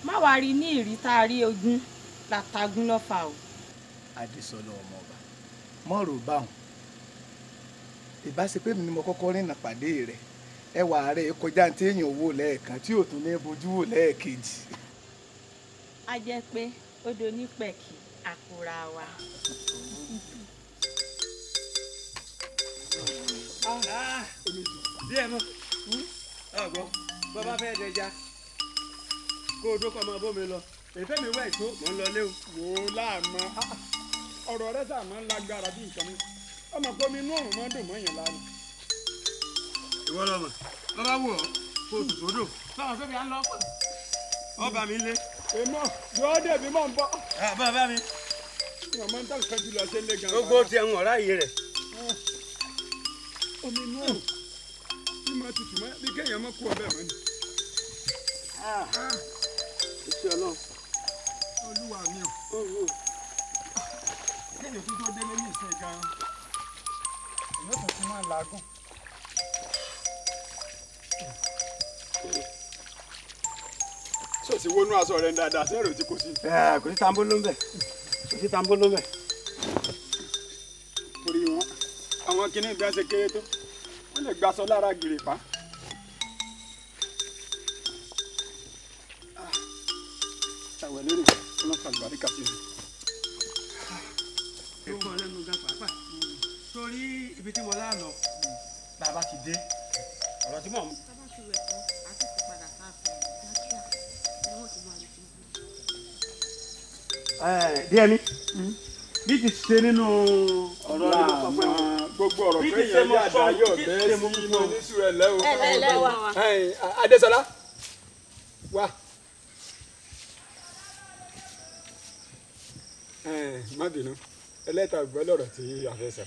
má wàá rí ní ìrítárí ogún látagún lọ́fà o. adésọlọ ọmọọba mọ̀rọ̀ báwọn ìbá mi ni mo kọ́kọ́ rìnnà pàdé rẹ̀ ẹwà rẹ̀ kọjá ní téèyàn wò lẹ́ẹ̀kan tí ò tún ní bojú wò lẹ́ẹ̀kejì. a jẹ́ pé odò nípẹ̀kì àkùrà wa. díẹ̀ mọ́ ọ̀gbọ́n bàbá fẹ́ dẹja kó o dókọ̀ ọmọ bómi lọ èfẹ́ mi wá ètò mò ń lọ lé o. wò ó láàmú ọ̀rọ̀ rẹ̀ sàmọ́ lágbára bí nǹkan mi ọmọ pé omi inú òrùn mọ́ dùn mọ́ yẹn lánàá ìwọ lọmọ lọba wù ọ kó o tòtò dò báwọn fẹbi à ń lọ pọ ọba mi lé. èmọ yóò dẹbi mọ n bọ. àbá bá mi. ìwọ máa ń tà kájú lọ sí ilé gan-an. gbogbo tiẹ̀ ń ọ̀rá yìí rẹ̀. Ah, omi náà bí máa tutù mọ́ bí kéèyàn mọ́ kú ọbẹ̀ mọ́ ni. iṣẹ́ ah, ah. ọlọ́run. olúwa mi o. kéèyàn tó tó délé ní ìsìn gan-an. èyí ó tún ti máa làágùn. sọ ti wọnú aṣọ rẹ dáadáa sẹ́rù tí kò sí. Eh, kò sí tambo ló ń bẹ̀ kò sí tambo ló ń bẹ̀. torí wọn lara kinní ìgbà ṣe kéré tó wọn lè gbaṣọ lára gèrè pa. Ah, ṣàwẹ̀ lérò ọlọ́pàá àgbàríkà sí mi. ó wọ lẹ́nu gan pàápàá torí ibi tí mo lá lọ bàbá ti dé ọ̀rọ̀ tí mò ń. Eh, díẹ̀ mi bí ti ṣe nínú ọ̀rọ̀ gbogbo ọ̀rọ̀ pé yẹn yà dá yọ̀ bẹ́ẹ̀ sí inú oníṣù ẹ̀ lẹ́wọ̀. ẹ lẹ́wọ̀ wa. Adésọlá wá. má bínú ẹlẹ́ta gbọ́ lọ́rọ̀ tí a fẹ́ sọ.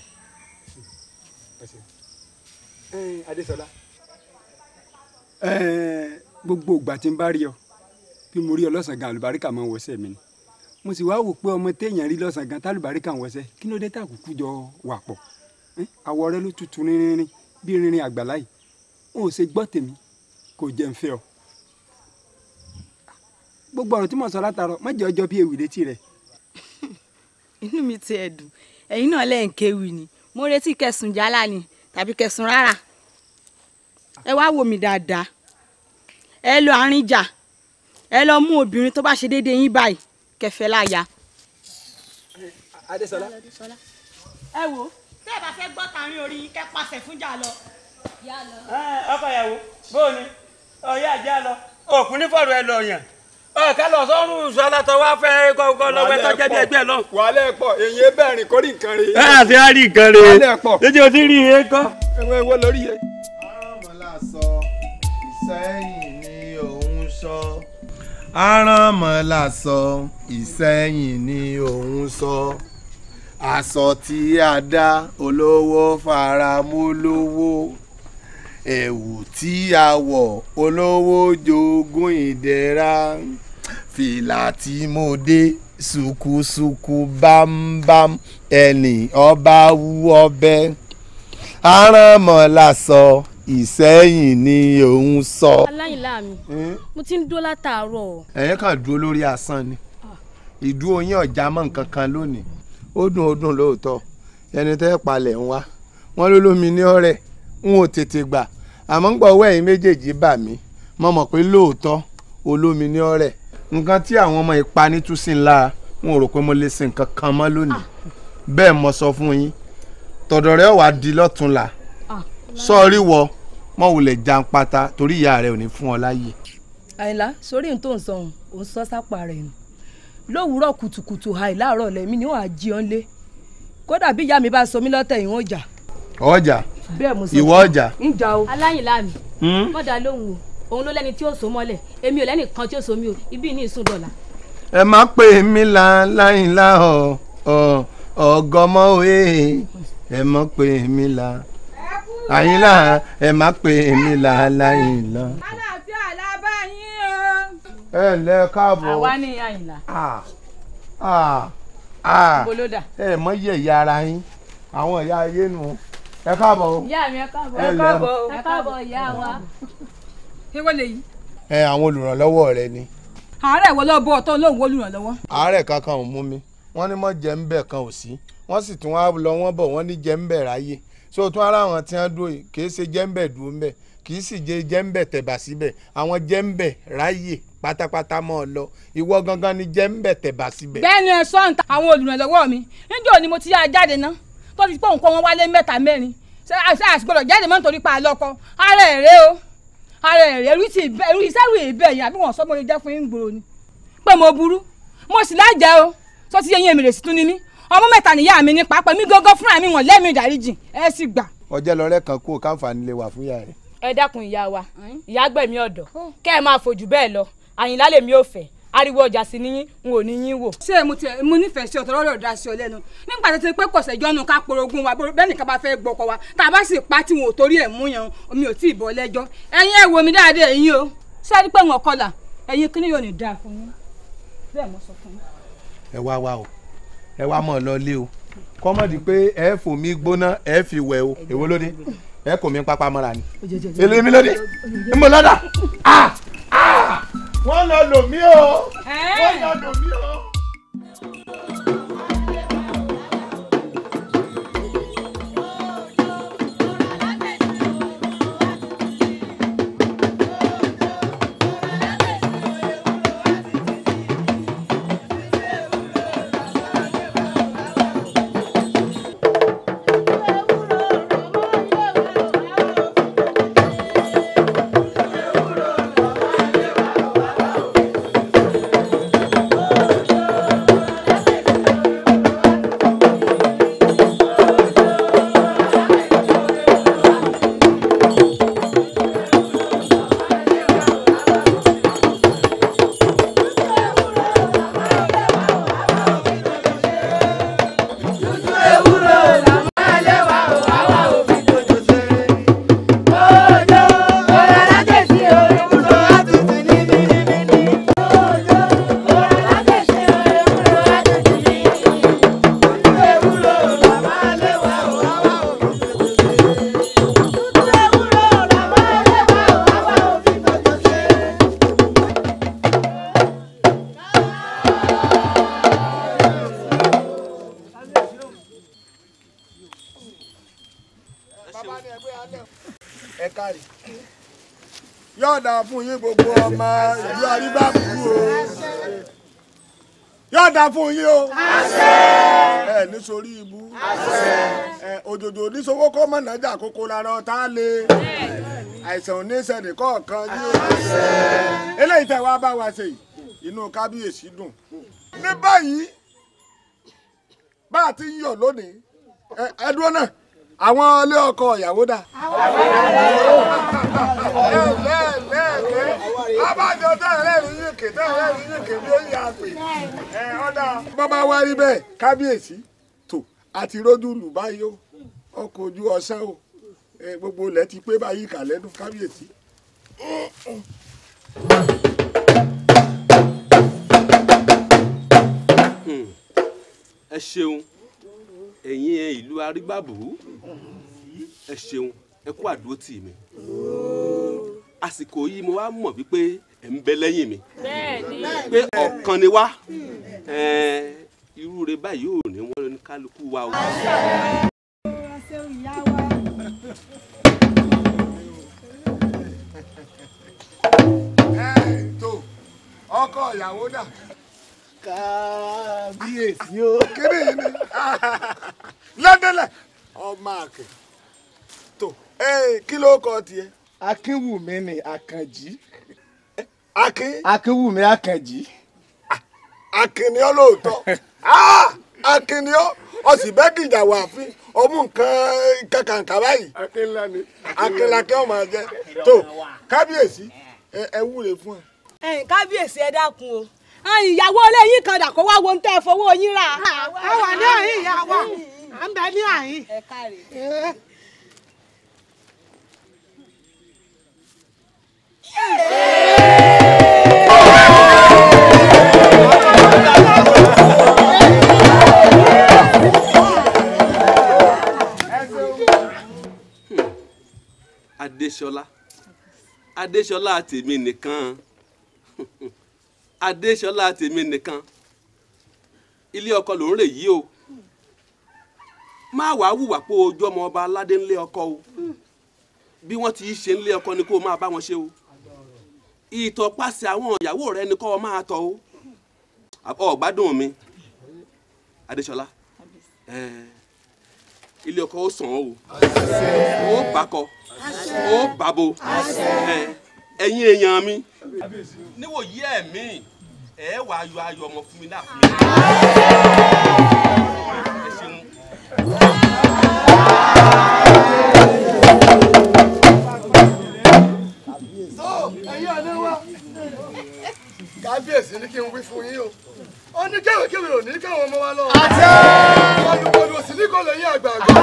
Adésọlá. gbogbo ìgbà tí n bá rí ọ bí mo rí ọ lọ́sàn-án gan àlùbáríkà máa ń wọ sẹ́mi ni mo sì wá wò pé ọmọ téèyàn rí lọ́sàn gan tálùbárí kàn wọ́sẹ́ kí ló dé tà kúkú jọ wà pọ̀ àwọ̀ rẹ ló tutù rinrin bí rinrin àgbàlá yìí n ò ṣe gbọ́ tèmi kò jẹ́ n fẹ́ ọ. gbogbo ọ̀rọ̀ tí mo sọ látàárọ̀ má jẹ́ ọjọ́ bí ewì létí rẹ̀. inú mi ti ẹ̀ ẹ̀yin náà lẹ́yìn kéwì ni mo retí kẹsùn jálá ni tàbí kẹsùn rárá ẹ wá wò mí dáadáa ẹ lọ àárín jà ẹ lọ mú obìnrin tó bá ṣe déédéé yín báyìí kẹfẹ́ láyà. Adesola. ẹ wo tẹ́ ẹ bá fẹ́ gbọ́ tàrin orí yín kẹ́ pàṣẹ fún jà lọ. ọkọ wo? bóò ni ọyá àjẹ́ lọ òkun ní fọ̀rọ̀ ẹ lọ yàn ọ̀kẹ́ lọ sọ́run ìṣọ́lá tó wá fẹ́ kọ́kọ́ lọ́wọ́ tó jẹ́ bí ẹgbẹ́ lọ. wàhálẹ̀ pọ̀ èyí ẹ bẹ̀rìn kórì nǹkan rẹ̀. ẹ àti á rí nǹkan rẹ̀ wàhálẹ̀ pọ̀ lójú o ti rí iye kọ́. ẹ̀wọ̀n ẹ̀wọ̀ lórí yẹ. àwọn ọmọ làásọ ìsẹ́yìn aránmọ́lá sọ ìsẹ́yìn ni òun sọ aṣọ tí a dá olówó faramú lówó ẹ̀wù tí a wọ̀ olówó jogún ìdẹ̀ra fìlà tí mo dé ṣùkúṣùkú bámbám ẹni ọba wú ọbẹ̀ aránmọ́lá ìsẹ́yìn ni òun sọ. aláìlá mi mo ti ń dúró látàárọ̀. ẹ̀yin kàn dúró lórí asán ni ah. ìdúró yín ọ̀já mọ́ nǹkan kan lónìí ó dùn ó dùn lóòótọ́ ẹni tẹ́ palẹ̀ ń wá wọ́n ló lómi ní ọ̀rẹ́ n ò tètè gbà àmọ́ ń gbọ́ ọwọ́ ẹ̀yin méjèèjì bà mí mo mọ̀ pé lóòótọ́ olómi ní ọ̀rẹ́ nǹkan tí àwọn ọmọ ìpani tún sí ńlá n ò rò pé mo lè ṣe nǹkan kan mọ́ lónìí ah. bẹ́ẹ̀ mo sọ fún yín tọ̀dọ̀ rẹ̀ wà di lọ́túnla ah. sọ́ọ́rí wọ mọ wulẹ̀ jàǹpata torí ìyá rẹ ò ní fún ọ láyè. àyìnlá sórí n tó ń sọhùn ò ń sọ sápá rẹ nù lówùúrọ̀ kùtùkùtù àìláàárọ̀ lẹ́mí ni wọ́n á jí ọ́ lé kódà bí ìyá mi bá sọ mí lọ́tẹ̀ ìwọ̀n ọjà. ọjà ìwọ ọjà. ǹjà o. aláyìnlá mi hmm? mọ̀dà lóhùn o òun ló lẹ́ni tí ó so mọ́lẹ̀ èmi ò lẹ́nìkan tí ó so mi o ibi ní ìsún dọ̀là. ẹ má pè mí láyìnlá ọ̀ ọ̀gọ́mọ́ òye eh. ẹ má pè mí láyìnlá. ayinla là ẹ má pe èmi là láyìn lọ. ala àlábá yín o. ẹ ǹlẹ́ káàbọ̀. àwa ni àyìnlá. bolódà. ẹ mọ iye ara yín àwọn ìyá ayé nu ẹ káàbọ̀ o. ìyá mi ẹ káàbọ̀ ẹ ẹ káàbọ̀ ìyá wa. lè yí. ẹ àwọn olùrànlọ́wọ́ rẹ ni. àárẹ̀ ọ̀tọ́ lóun olùrànlọ́wọ́. àárẹ̀ kankan ò mú mi wọ́n ní ṣé o tún ara àwọn tí wọ́n dúró yìí kì í ṣe jẹ́ńbẹ̀ dúró ńbẹ̀ kì í sì jẹ́ jẹ́ńbẹ̀ tẹ̀bà síbẹ̀ àwọn jẹ́ńbẹ̀ ráyè pátápátá mọ́ ọ lọ ìwọ gangan ni jẹ́ńbẹ̀ tẹ̀bà síbẹ̀. bẹ́ẹ̀ni ẹ sọ nta àwọn olùrànlọ́wọ́ mi níjọ́ ni mo ti yá jáde ná tó ti pọ̀ nǹkan wọn wálé mẹ́ta mẹ́rin ṣe àṣìgbọ́dọ̀ jáde mọ́ nítorí pa àlọ́kọ ara ẹ̀ rẹ o ara ẹ̀ rẹ irú iṣẹ́ rú ìbẹ̀ yẹn àbí wọn sọ mo lè jẹ́ fún yín gbòòrò ni pé mo burú mo sì lájà o sọ ti yẹ yín èmìrè sí tún ní mí ọmọ mẹ́ta nìyá mi ní pápá mi gógó fúnra mi wọ̀n lẹ́mìí ìdáríjì ẹ sì gbà. ọjọ́ lọ́rẹ́ kan kú káǹfààní lè wà fún ìyá rẹ̀. ẹ dákun ìyá wa ìyá gbẹ̀mí ọ̀dọ̀ oh. kẹ́ ẹ máa fojú bẹ́ẹ̀ lọ àyìnlá lèmi ò fẹ́ ariwo ọjà sí ni n ò ní yín wò. ṣé mo ti mo nífẹ̀ẹ́ sí ọ̀tọ̀ lọ́rọ̀ sí ọ lẹ́nu nígbà tó ti pé kò sẹ́jọ́ ká porogún wa bẹ́ẹ̀ nìkan bá fẹ́ gbọ́kọ̀ wa tá a bá sì pa tí wọn ò torí ẹ̀ mú yẹn omi ò tí ì bọ́ lẹ́jọ́ ẹ̀yin ẹ̀ wo mi dáadáa ẹ̀yin o sẹ́ni pé wọn kọlà ẹ̀yin kíní yóò ní dáa fún yín bẹ́ẹ̀ mo sọ fún yín. ẹ wá wá o ẹ wá mọ̀ lọ lé o kọ́mọ̀dì pé ẹ fò mí gbóná ẹ fi wẹ̀ o èwo lóde ẹ kò mí pápá mọ́ra ni èlé mi lóde mo lọ́dà wọ́n lọ lò mí o wọ́n lọ lò mí o. dáa fún yín o. àṣẹ. ẹ nítorí ibú. àṣẹ. ẹ òjòjò oníṣòwò kọ́ mọ̀nà ìjà kókó lára ọ̀tá le. àìsàn oníṣẹ́ni kọ̀ọ̀kan yín. àṣẹ. eléyìí tẹ̀ wá bá wa ṣe inú kábíyèsí dùn. ní báyìí bá a ti ń yọ̀ lónìí ẹ ẹ dúró náà àwọn ilé ọkọ ìyàwó dà. lẹ́ẹ̀lẹ́ẹ̀lẹ́ abájọ tẹ̀lé ní yìnkì tẹ̀lé ní yìnkì bí ó yà pé ọ̀dà. bàbá wa rí bẹ́ẹ̀ kábíyèsí tó àti rójú lù báyìí ó ọkọ̀ ojú ọ̀sán o gbogbo ilẹ̀ ti pé báyìí kàlẹ́nu kábíyèsí. Hmm. ẹ ṣeun ẹ̀yin ìlú arígbàbù ẹ ṣeun ẹ kú àdúró tì mí àsìkò yìí mo wá mọ̀ wípé ẹ̀ ń bẹ lẹ́yìn mi pé ọ̀kan ni wá irú rẹ báyìí ò ní wọ́n ní kálukú wa o. ọkọ ìyàwó dà. kábíyèsí o. ọmọ àkè tó eh, kí ló kọ tiẹ̀. akínwùmí ni àkànjí. akin. akínwùmí àkànjí. Ah, akínníọ́ lóòótọ́ ah, akínníọ́ ọsì bẹ́ẹ̀ dìjà wà fún ọmú nǹkan kankankan báyìí. akínlá ni. akínlá kí wọ́n máa jẹ tó kábíyèsí ẹ wúre fún ẹ. kábíyèsí ẹ dákun o. ìyàwó ilé yín kan dà kó wá wo ń tẹ́ fowó yín rà. a wà ní àyín ìyá wa à ń bẹ ní àyín. tèmi nìkan. adéṣọlá tèmi nìkan ilé ọkọ ló ń rè yí o má wàá wùwà pé ojú ọmọ ọba aládé ńlé ọkọ o bí wọ́n ti ṣe ńlé ọkọ ni kó o máa bá wọn ṣe o ìtọ̀pasẹ̀ àwọn ìyàwó rẹ ni kó o máa tọ̀ o ọ̀gbádùn mi adéṣọlá ilé ọkọ ó sàn o ó bàkọ ó bàbo ẹ̀yin èèyàn mi níwò yí ẹ̀mí ẹ wàá yọ ayọ̀ ọmọ fún mi náà fún mi. ẹ ṣeun. kábíyèsí ni kí n wí fún yín o ó ní kéwèkéwè ò ní káwọn ọmọ wa lọ. ọdún kò sí ní kò lè yí àgbààgbà.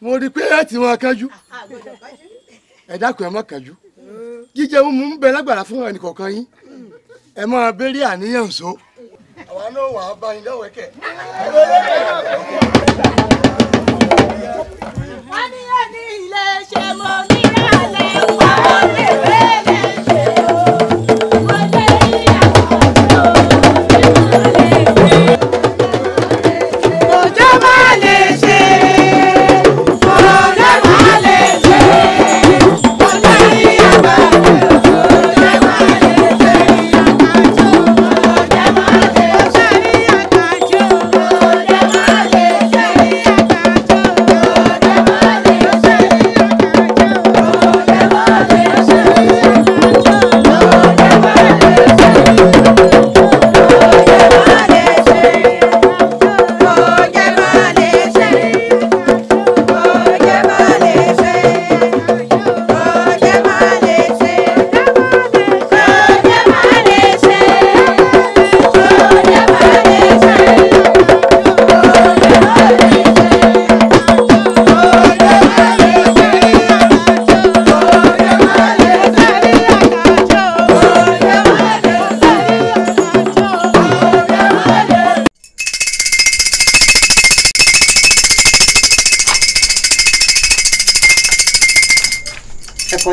mo rí i pé ẹ ti wọn kájú ẹ dákun ẹ má kájú jíjẹ mímu ń bẹ lágbára fún ẹnìkọ̀ọ̀kan yín ẹ máa béèrè àníyàn so. àwa náà wà á bá yín lọ́wọ́ kẹ̀. wọ́n ilé ṣe mọ́ nílẹ̀ àlẹ́ wà ó lè bẹ́ẹ̀ lẹ́.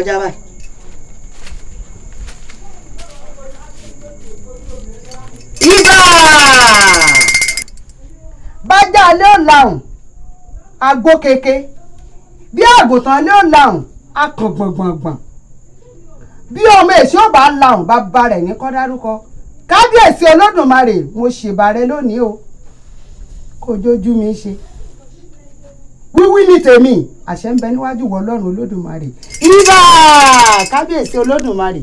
kọjá báyìí. ibà bájà lé ò lahùn àgbo keke bí àgùntàn lé ò lahùn akàn gbọ̀ngbọ̀ngbọ̀n bí ọmọ èsì ọba lahùn bàbá rẹ̀ ní kọ́ dárúkọ kábíyèsí olódùmarè mo ṣèbàrẹ lónìí o kò jójú mi ṣe wíwí ní tèmi àṣẹ ń bẹ níwájú wọ ọlọ́run olódùmarè ibà kábíyèsí olódùmarè.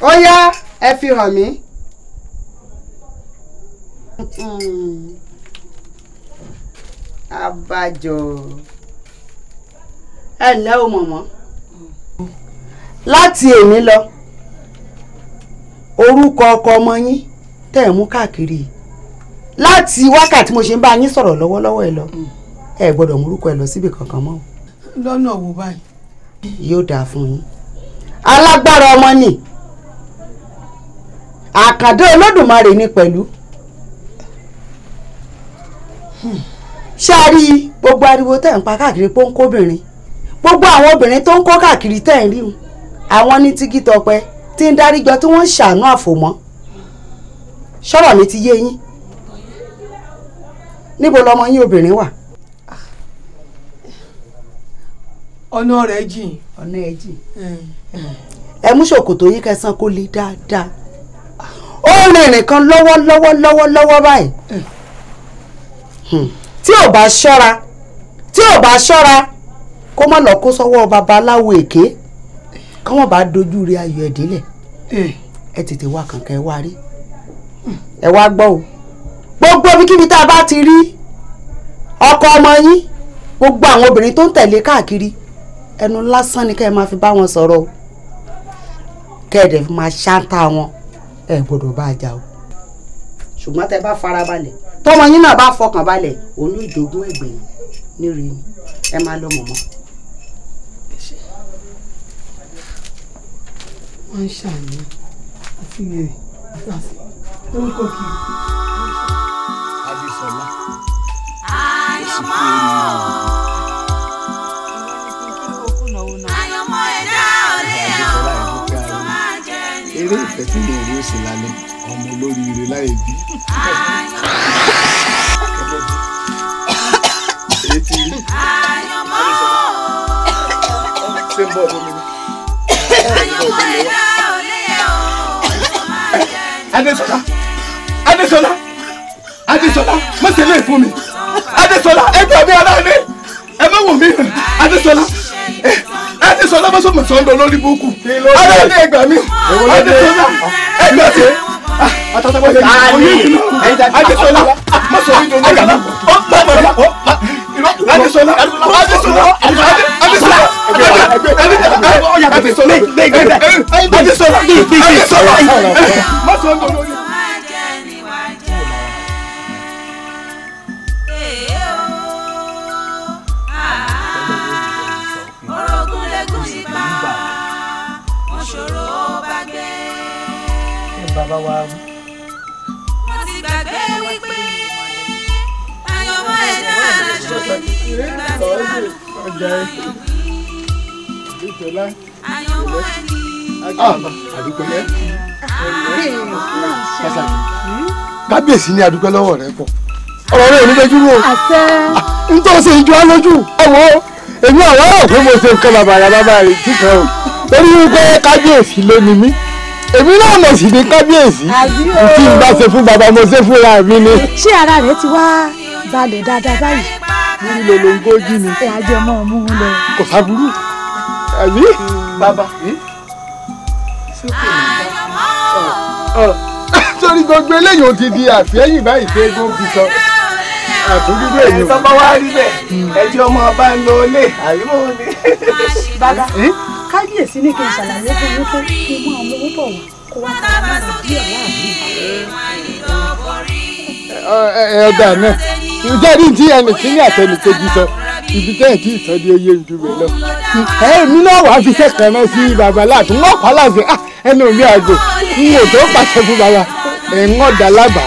ó yá ẹ fi hàn mí. Hmm. abájọ ẹ ǹlẹ́ o mọ̀mọ́ láti èmi lọ orúkọ ọkọ ọmọ yín tẹ́ ẹ̀ mú káàkiri láti wákàtí mo ṣe ń bá yín sọ̀rọ̀ lọ́wọ́lọ́wọ́ ẹ lọ ẹ gbọ́dọ̀ múrúkọ ẹ lọ síbi kankan mọ́. lọ́nà wo báyìí. yóò dáa fún yín alágbára ọmọ nì àkàndá olódùmarè ni pẹ̀lú hmm. ṣáàrí gbogbo ariwo tẹ̀ ń pa káàkiri pé ó ń kóbìnrin gbogbo àwọn obìnrin tó ń kó káàkiri tẹ̀ ń rí àwọn ní tíkítọpẹ tí ń dáríjọ tí wọ́n ń ṣàánú àfòmọ́ ṣọ́rọ̀ mi ti yé yín níbo lọmọ yín obìnrin wà. ọ̀nà rẹ̀ jìn. ọ̀nà ẹ̀ jìn. ẹ mú ṣòkòtò yín kẹsàn kó le dáadáa ó rìn nìkan lọ́wọ́lọ́wọ́ lọ́wọ́lọ́wọ́ báyìí hmm. tí ò bá ṣọ́ra tí ò bá ṣọ́ra kó má lọ kó sọ́wọ́ babaláwo èké kí bá dojú rí ayọ̀ ẹ̀dínlẹ̀ ẹ tètè wá kànkẹ́ wá rí ẹ wá gbọ́ o gbogbo ibikíbi tá a bá ti rí ọkọ ọmọ yín gbogbo àwọn obìnrin tó ń tẹ̀lé káàkiri ẹnu lásán ni kẹ́ ẹ máa fi bá wọn sọ̀rọ̀ o kẹ́ ẹ dẹ̀ fi máa ṣáńtà wọn ẹ gbọ́dọ̀ bá a jà o ṣùgbọ́n tẹ bá fara balẹ̀ tọmọ yín náà bá fọkàn balẹ̀ olú ìjogún ẹ̀gbẹ̀yìn nírìí ni ẹ máa lọ mọ̀mọ́. wọ́n ń ṣàníyàn àti rèé àti àṣẹ orúkọ kì í. Adéṣọlá. àyànmọ́. eré ìfẹ́ tí mi rí òsì lálẹ́ ọmọ olóríire láì bí. etí rí. ṣé ń bọ̀ Adesola, Adesola, má ṣe lè fún mi Adésọlá ẹgbẹ́ mi ara mi ẹ má wò mí Adésọlá Adésọlá má sọmọ sọńdọ lórí búkú ara mi ẹgbẹ́ mi Adesola, ẹgbẹ́ mi atatagba yẹn ni Adesola, má sọ Adesola, Adesola, Adesola, Adesola, Adesola, Adesola, Adesola, Adesola, Adesola, Adesola, Adesola, Adesola, Adesola, Adesola, Adesola, Adésọlá. bàbá wa. wọ́n ti gbàgbé wípé àyànmọ́ ẹ̀dá aṣọ ìdí ìgbà tí wàá lù àyànwí. àyànmọ́ ẹni. àdúgbò kábíyèsí ni adúpẹ́ lọ́wọ́ rẹ pọ̀ ọ̀rọ̀ rẹ ò ní lójú rò n tó ṣe ìjọ alójú ọ̀wọ́ èmi àwọn ọ̀rọ̀ pé mo ṣe nǹkan bàbàrà bàbá rẹ̀ kíkan o torí wípé kábíyèsí ló ni mí èmi náà mọ̀ sí ní kábíyèsí tí n bá ṣe fún bàbá mo ṣe fúnra mi ni. ṣé ara rẹ ti wá balẹ̀ dáadáa báyìí. mi lè lo ni. ẹ ajẹ mọ ọmú un lọ. kò sábúrú àbí. bàbá sórí gbogbo eléyìí ò ti di àfẹ́yìn báyìí pé kó fi sọ àtúndúdú èyí. ẹ̀ tọ́pọ̀ wá rí bẹ́ẹ̀ ẹjọ́ ọmọ ọba ń lo olè àyíwò ni. bàbá kábíyèsí ní kí n ṣàlàyé fún yín pé kí n mú àwọn owó bọ̀ wá kó wá tara lára díẹ̀ láàbí. ọgbà náà ǹjẹ́ rí ti ẹnìkí ní àtẹnìkejì sọ ibi tẹ́yìn tí ìsọdí oyè ń dúró lọ. èmi náà wàá fi sẹ́kàn náà sí bàbá láti wọ́n pa láti ah, ẹnu mi àgò n ò tó pàṣẹ fún bàbá ẹ̀ ń ọ̀dà lábàá.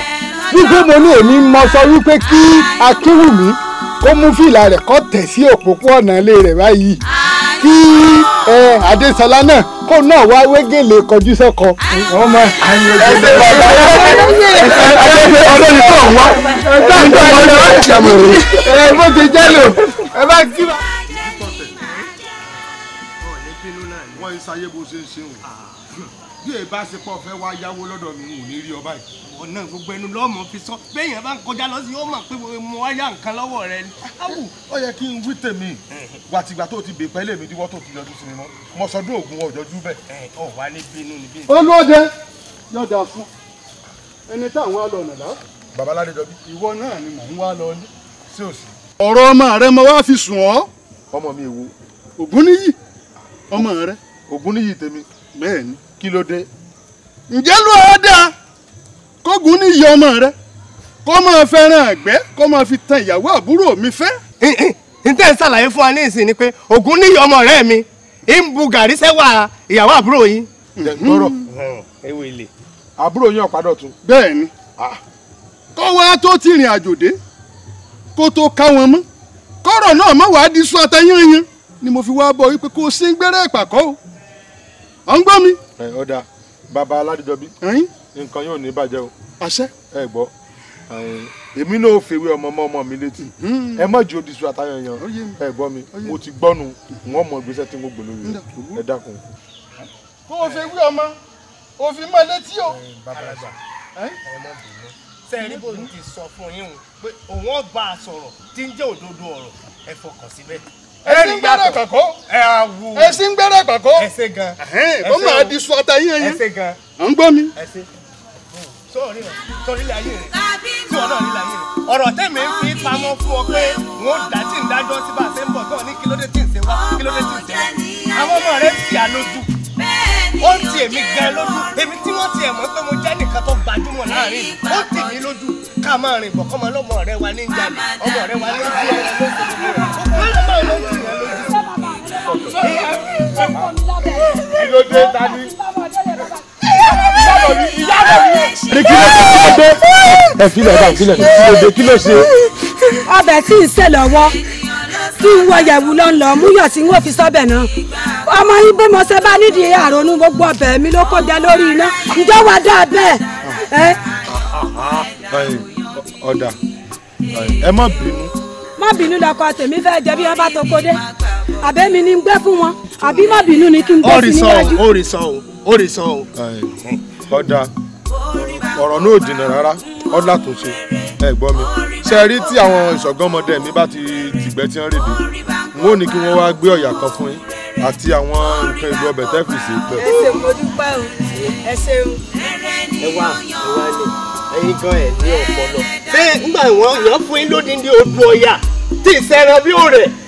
wípé mo ní èmi mọ sọ wípé kí akínwùmí kó mú fìlà rẹ̀ kó tẹ̀ sí òpópó ọ̀nà ilé rẹ̀ báyìí kí Adésọlá náà kó náà wá wégele kọjú sọkọ. ọmọ ẹsẹ bàbá ẹsẹ ọlọ́ni tó ń wá ẹsẹ àgbà ọlọ́ni wá ìjàmọ̀rò. ẹ bó ti jẹ́ lò ẹ bá kí. wọ́n ń sáyé bó ṣe ń ṣe òun tí èyí bá ṣe pọ̀ fẹ́ wá yáwó lọ́dọ̀ mi ò ní rí ọ báyìí. ọ̀nà gbogbo lọ́mọ fi sọ béèyàn bá ń kọjá lọ sí yóò mọ̀ pé mo wá yá nǹkan lọ́wọ́ rẹ ni. ó yẹ kí n wí tèmi gbàtìgbà tó ti bèèpẹ́ lèmi díwọ́ tó ti yọjú sí mo sọ dún òògùn ọ̀jọ́jú bẹ́ẹ̀. ọ̀ wá ní bínú ni bí. olóde yọjà fún ẹni táwọn àlọ́ ọ̀nà babaláde jọbí. ìwọ náà ni mò ń wá lọ sí òsì. ọ̀rọ̀ ọmọ rẹ mo wá fi sùn ọ́. ọmọ mi èwo. ògún ọmọ rẹ. ògún tèmi. bẹ́ẹ̀ ni kí ǹjẹ́ ló dáa kógun ní iye ọmọ rẹ kó máa fẹ́ràn àgbẹ̀ kó máa fi tan ìyàwó àbúrò mi fẹ́. ǹtẹ́ ń ṣàlàyé fún wa ní ni pé ní iye ọmọ rẹ mi ń bu gàrí sẹ́wà ìyàwó àbúrò yín. tọrọ ewu ilé. àbúrò yín ọ̀padà tún. bẹ́ẹ̀ ni kó wá tó ti rìn àjò dé kó tó ká wọn mọ́ kọ́rọ̀ náà má wàá di ni mo fi wá bọ̀ wípé kó o sí o. ọ̀ ń gbọ́ mi. ẹ ọ da bàbá aládìjọbí nǹkan yóò ní bàjẹ́ o. àṣẹ. ẹ gbọ́ èmi náà fèwé ọmọ ọmọ ọmọ mi létí hmm. ẹ má jò disu àtàyàn yan ẹ gbọ́ mi mo ti gbọ́nu wọn mọ ìgbésẹ̀ tí mo gbò lórí ẹ dákun. kó o fèwé ọmọ òfin mọ létí o. bàbá àgbà ẹ má bínú sẹ́ẹ̀rìbò ti sọ fún yín o pé òun ọba àsọ̀rọ̀ tí ń jẹ́ òdodo ọ̀rọ̀ ẹ fọkàn síbẹ̀ ẹ̀rí gbẹ́rẹ́ kọ̀kọ́ ẹ̀ àwù ẹ̀sìn ń gbẹ́rẹ́ kọ̀kọ́ ẹ̀sẹ̀ gan. ó máa di sọ ata yín ẹyin ẹ̀sẹ̀ gan. à ń gbọ́ mi. ẹ̀sẹ̀ sọ̀rí rẹ̀ sọ̀rí ilé ayé ọ̀rọ̀ tẹ̀mí ń fi pamọ́ fún ọ pé wọ́n dá tí ń dájọ́ sí ṣe ń bọ̀ tó ní kílódé tí ń ṣe wá kílódé tí ń ṣe àwọn ọmọ rẹ̀ ti àlójú ó ti èmi gan lójú èmi tí wọ́n ti ẹ̀ mọ́ pé mo jẹ́ nìkan tó gbajúmọ̀ láàrin ó ti mí lójú ká máa rìn bọ̀ kọ́mọ lọ́mọ rẹ wa ní ìjà ni ọmọ rẹ wa ní ìjà ni ọmọ rẹ ló ń tì yẹn lójú. kí ló dé tani ní kí ló dé kí ló dé ẹ kí ló dé kí ló dé kí ló ṣe. ọbẹ̀ tí ń ṣe lọ́wọ́. tí n wọ yẹ̀wù lọ lọ mú si tí n ò fi sọ́bẹ̀ náà ọmọ yín bí mo ṣe bá nídìí àrònú gbogbo ọbẹ̀ mi ló kọjá lórí iná ǹjọ́ wà dáa bẹ́ẹ̀. ọ̀dà ẹ má bínú. bínú lọkọ tèmi fẹ́ jẹ bí wọ́n fún wọn àbí bínú ni kí n gbé sí níwájú. ẹ gbọ́ ṣe rí tí àwọn ìṣọ̀gán ọmọdé mi bá ti tìgbẹ́ tí wọ́n rèdè n ó ní kí wọ́n wá gbé ọ̀yà kan fún yín àti àwọn nǹkan ìlú ọbẹ̀ tẹ́ fi ṣe pẹ̀. ẹ ṣe mo dúpẹ́ o ẹ ṣeun. ẹ wá ẹ wá lè ẹyin gan ẹ ní ọpọlọ. ṣé nígbà wọn yàn fún yín lódìndín odò ọ̀yà tí ìṣẹ́ran bí ó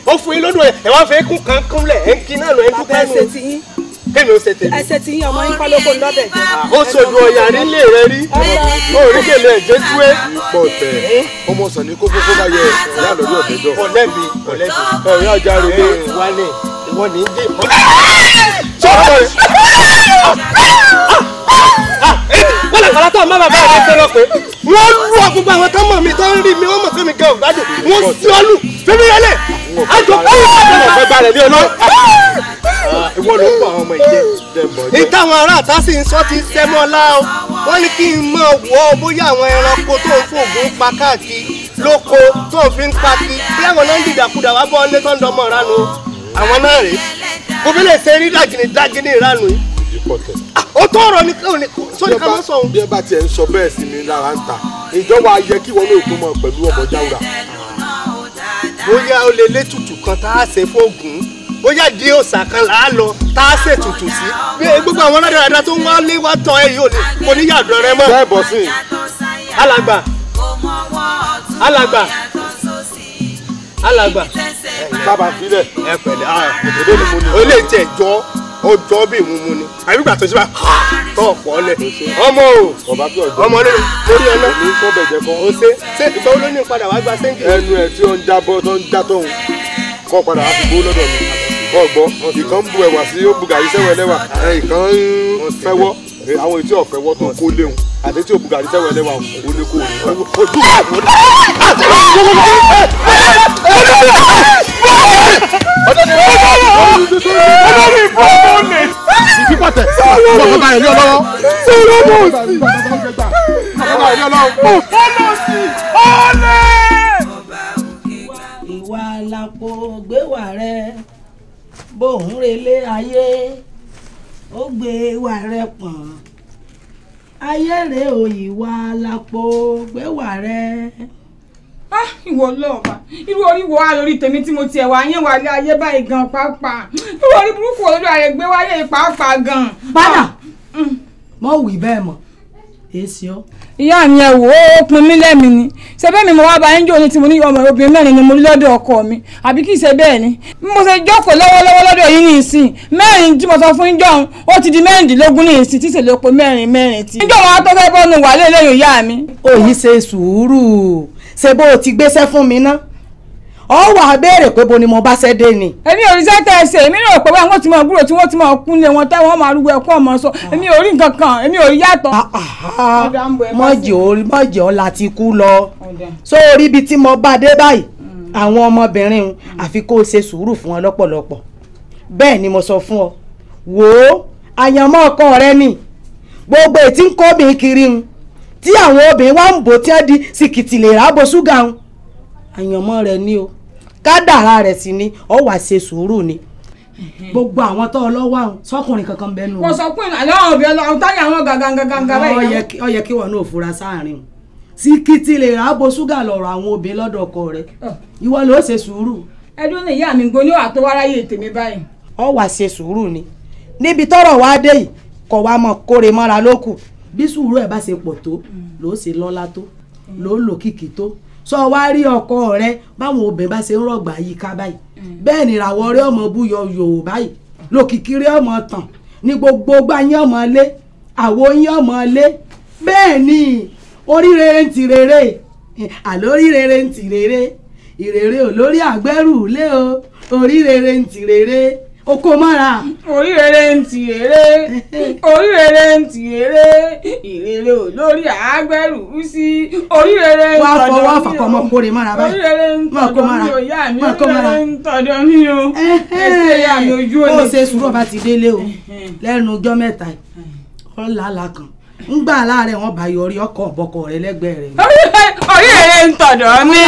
ó fún yín lódò ẹ wá fẹ́ kún kan kúnlẹ̀ ẹ̀ ń kí náà lọ ẹ dúpẹ́ nù kémi ó ṣe tèmi. ẹsẹ̀ tí yín ọmọ yín kọ́ ló kó lọ́bẹ̀. ó sojú ọ̀yà nílé rẹ rí oríkèlè ẹ̀jẹ̀ túwé. pọ̀ tẹ̀ ọmọ sàn ní kókó kó bá yẹ ìyá lórí ọ̀dẹ́jọ́. ọ̀lẹ́ mi ọ̀lẹ́ mi ẹ̀rí ajá rẹ̀ lé wálé ìwọ ní í dì mọ́. sọ́kọ̀ rẹ̀. Ah! Ah! Ah! wọ́n lè fara tó àmọ́ bàbá rẹ̀ tó lọ pé wọ́n lù ọ gbogbo àwọn tó mọ̀ mi tó ń rí mi wọ́n mọ̀ pé mi gan ògbádùn wọ́n sí ọ lù fẹ́mi yẹlẹ̀ àjọ kúrò ọ̀dọ̀ fẹ́ balẹ̀ ní ọlọ́. ìwọ ló ń bọ àwọn ọmọ ìjẹ dẹ̀bọ̀. ní táwọn ará àtà sì ń sọ ti sẹ́mọ́ lá o wọ́n ní kí n mọ̀ wọ́ bóyá àwọn ẹranko tó ń fòògùn pa káàkiri lóko tó ń fi ń pa kí bí àwọn náà ń dìdàkudà wá bọ́ ọ́lé tó ń dọmọ ìranu àwọn náà rèé kò fi lè ṣe rí dàgìnì dàgìnì ìranu yìí o tó ọ̀rọ̀ ni kò ní tó ní ká má sọ òun. bí ẹ bá tiẹ̀ ń sọ bẹ́ẹ̀ sí mi lára ń ta ìjọba ayẹ kí wọn lóòótọ́ mọ pẹ̀lú ọmọ jáwúra. bóyá o lè lé tutù kan tá a ṣe fóògùn bóyá di òòsà kan là á lọ tá a ṣe tutù sí bí gbogbo àwọn aládàáda tó ń wá lé wá tán ẹ yìí kò ní yàdọ̀ rẹ mọ́. bẹ́ẹ̀ bọ̀ sí i. alàgbà alàgbà alàgbà. bàbá fi dẹ. ẹ pẹ̀lẹ́ ah èdè ni mo ní. o lè tẹ jọ ó jọ bí ìmúmu ni àbí gbà tó ṣe bá tó pọ̀ lẹ̀ ọmọ o ọmọ lè lórí ọ̀nà ní kó bẹ̀jẹ̀ kan ó ṣe ṣé ìgbà ló ní padà wá gba sẹ́ńkì. ẹnu ẹ tí ó ń jábọ́ tó ń já tóun kọ́ padà wá fi gbó lọ́dọ̀ mi kọ́ gbọ́ ìkan ń bu ẹ̀wà sí ó bu gàrí sẹ́wẹ̀lẹ́wà ìkan ń fẹ́wọ́ àwọn ètí ọ̀fẹ́wọ́ tó kó léwu àti tí òbúgarì tẹ́wọ̀ ẹlẹ́wà òun ni kò ojú ìfipọ̀tẹ̀ ìfọ̀kọ̀tà ẹ̀rí ọlọ́wọ́. sọ̀rọ̀ mọ̀ sí. ìfọ̀kọ̀tà ẹ̀rí ọlọ́wọ́. ọlọ́ sí ọlẹ́. ìwà àlàpò gbéwà rẹ bóun relé ayé ó gbé wà rẹ pọ̀n ayé rèé o ìwà lápò gbéwà rẹ. ah ìwọ lọ́ọ̀bà irú orí wo á lórí tèmi tí mo tiẹ̀ wá yẹn wà lé ayé báyìí gan pàápàá irú orí burúkú olórí ààrẹ gbé wáyé pàápàá gan. padà ah, mo mm. wí bẹ́ẹ̀ mọ̀ èsì ọ́ ìyá mi ẹ wò ó pin mí lẹ́mìí ni ṣe bẹ́ẹ̀ mi mo wá ba ẹ́ ń tí mo ní ọmọ obìnrin mẹ́rin ni mo ní lọ́dọ̀ ọkọ mi àbí kì í ṣe bẹ́ẹ̀ ni bí mo ṣe jókòó lọ́wọ́lọ́wọ́ lọ́dọ̀ yìí ní ìsìn mẹ́rin tí mo sọ fún ìjọ òun ó ti di mẹ́rìndínlógún ní ìsìn tí ṣe lè po mẹ́rin mẹ́rin tí. ìjọ wọn tó fẹ́ bọ́nu wà lé lẹ́yìn ìyá mi. òyì ṣe sùúrù ṣe bó o ti gbéṣẹ́ fún mi ná ọ wà á béèrè bo ni mo bá dé ni. emi ori rí sẹ́tẹ̀ ẹsẹ̀ emi rò pé ti ti máa kún wọn táwọn máa rúgbọ ọmọ sọ emi ah. ori nkankan nǹkan ori yato ò rí ah, ah, ti kú lọ sórí ibi tí mo bá dé báyìí mm. àwọn ọmọbìnrin mm. àfi ṣe sùúrù fún ọ lọ́pọ̀lọpọ̀ ni mo sọ fún ọkọ rẹ ni gbogbo kiri tí àwọn wa ka rẹ̀ sì ni ọ wà ṣe sùúrù ni gbogbo àwọn tó ọlọ́wọ́ àwọn sọkùnrin kankan bẹ́ẹ̀ nù. wọ́n sọ pé aláwọ̀ bí ọlọ́run táyà wọn gàgàgàgàgà báyìí. ó yẹ kí wọn náà fura sáàrin o lè rà á ṣúgà lọ̀rọ̀ àwọn òbí lọ́dọ̀ ọkọ rẹ̀ ìwọ ló ṣe sùúrù. ẹdún ní ìyá mi gbóni wà tó wáráyé tèmi báyìí. ọ wà ṣe sùúrù ni níbi tọ́rọ̀ wá dé yìí kọ wá mọ kóre mọ́ra lókù sọ wá rí ọkọ rẹ báwọn obìnrin bá ṣe ń rọ̀gbà yìí ká báyìí mm. bẹ́ẹ̀ ni ìràwọ̀ rẹ ọmọ búyọ yòò báyìí lòkìkí rẹ ọmọ tàn ní gbogbo gbáyín ọmọ lé àwo yín ọmọ lé bẹ́ẹ̀ ni oríire ń ti rere àlóríire ń ti rere ìrèrè olórí àgbẹ́rù lé o oríire ń ti rere oko mọ́ra. orí rere ń ti eré orí rere ń ti eré ìrere ò lórí àágbẹ́rù sí orí rere ń tọ́jọ́ mi o wá fọwọ́ ọmọ kórè mọ́ra báyìí orí rere ń tọ́jọ́ mi o yá mi orí rere ń tọ́jọ́ mi o ẹsẹ̀ yá mi ojú òde. ó ṣe sùúrù ọba ti délé o lẹ́nu ọjọ́ mẹ́ta ọ̀làlà kan ńgbà láàárẹ̀ wọn bá yọrí ọkọ̀ ọ̀bọ̀kọ̀ rẹ lẹ́gbẹ̀ẹ́ rẹ orí rere ń tọ̀dọ̀ mi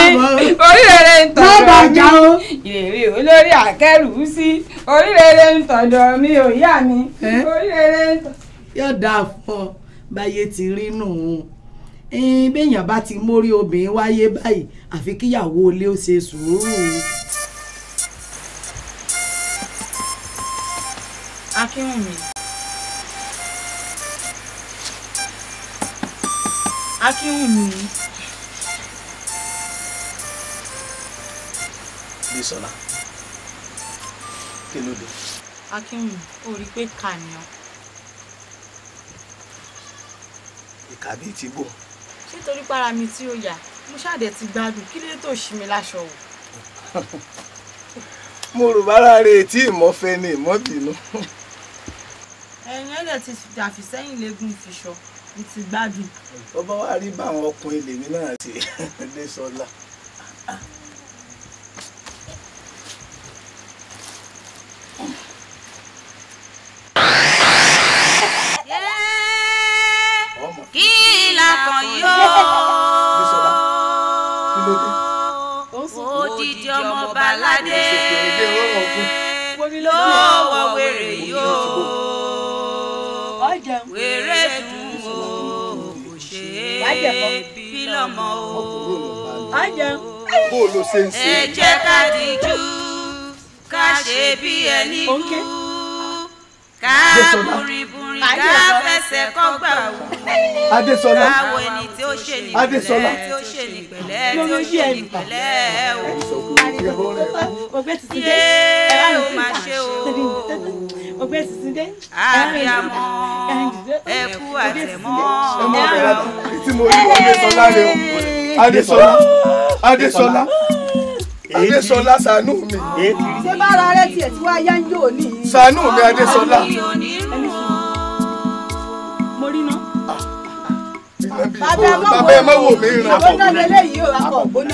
orí rere ń tọ̀dọ̀ mi ìrèwé olórí àkẹ́rù sí orí rere ń tọ̀dọ̀ mi òyà mi orí rere ń tọ̀dọ̀. yóò dáa fọ báyé ti rí nù ún béèyàn bá ti mórí obìnrin wáyé báyìí àfi kíyàwó ilé ó ṣe sùúrù. akínwùmí. akínwùmí. Adésọlá kí ló dé. akínwùn ò rí pé kà ni ọ. ìkà bíi ti bò. ṣé torí para mi tí ó yà mo ṣáàdẹ̀ ti gbádùn kí lè tó ṣí mi láṣọ wò. mo rò bára rè tí ìmọ̀fẹ́ ni ìmọ̀bìnú. ẹ̀yin ẹ̀dẹ̀ ti dàfi sẹ́yìn lẹ́gùn fìṣọ mo ti gbádùn. bó bá rí báwọn ọkùnrin lèmi náà ṣe Adésọlá. kí lakàn yóò odidi ọmọ balade ló wọ wèrè yóò wèrè dùn o kò ṣe é bí lọ́mọ ẹ jẹ́ ká dijú má ṣe bí ẹni kú ká buriburi ká fẹsẹ̀ kọ́gbà wò káwọ ẹni tí ó ṣe ní pẹ̀lẹ́ tí ó ṣe ní pẹ̀lẹ́ tí ó ṣe ní pẹ̀lẹ́ o yé o má ṣe o ọgbẹ́ sísíndé. àbíyamọ ẹkú àtẹmọ ọmọ rẹ o. tí mo rí ọgbẹ́ sọlá rẹ o Adésọlá Adésọlá ṣàánú mi. ṣé bára rẹ tiẹ̀ tí wàá yá ń yóò ní. ṣàánú mi Adésọlá. mo rí ná. Ah, ah, ah. bàbá ẹ má wò mí ràn. àwọn náà lè léyìí o àpò ògbóná.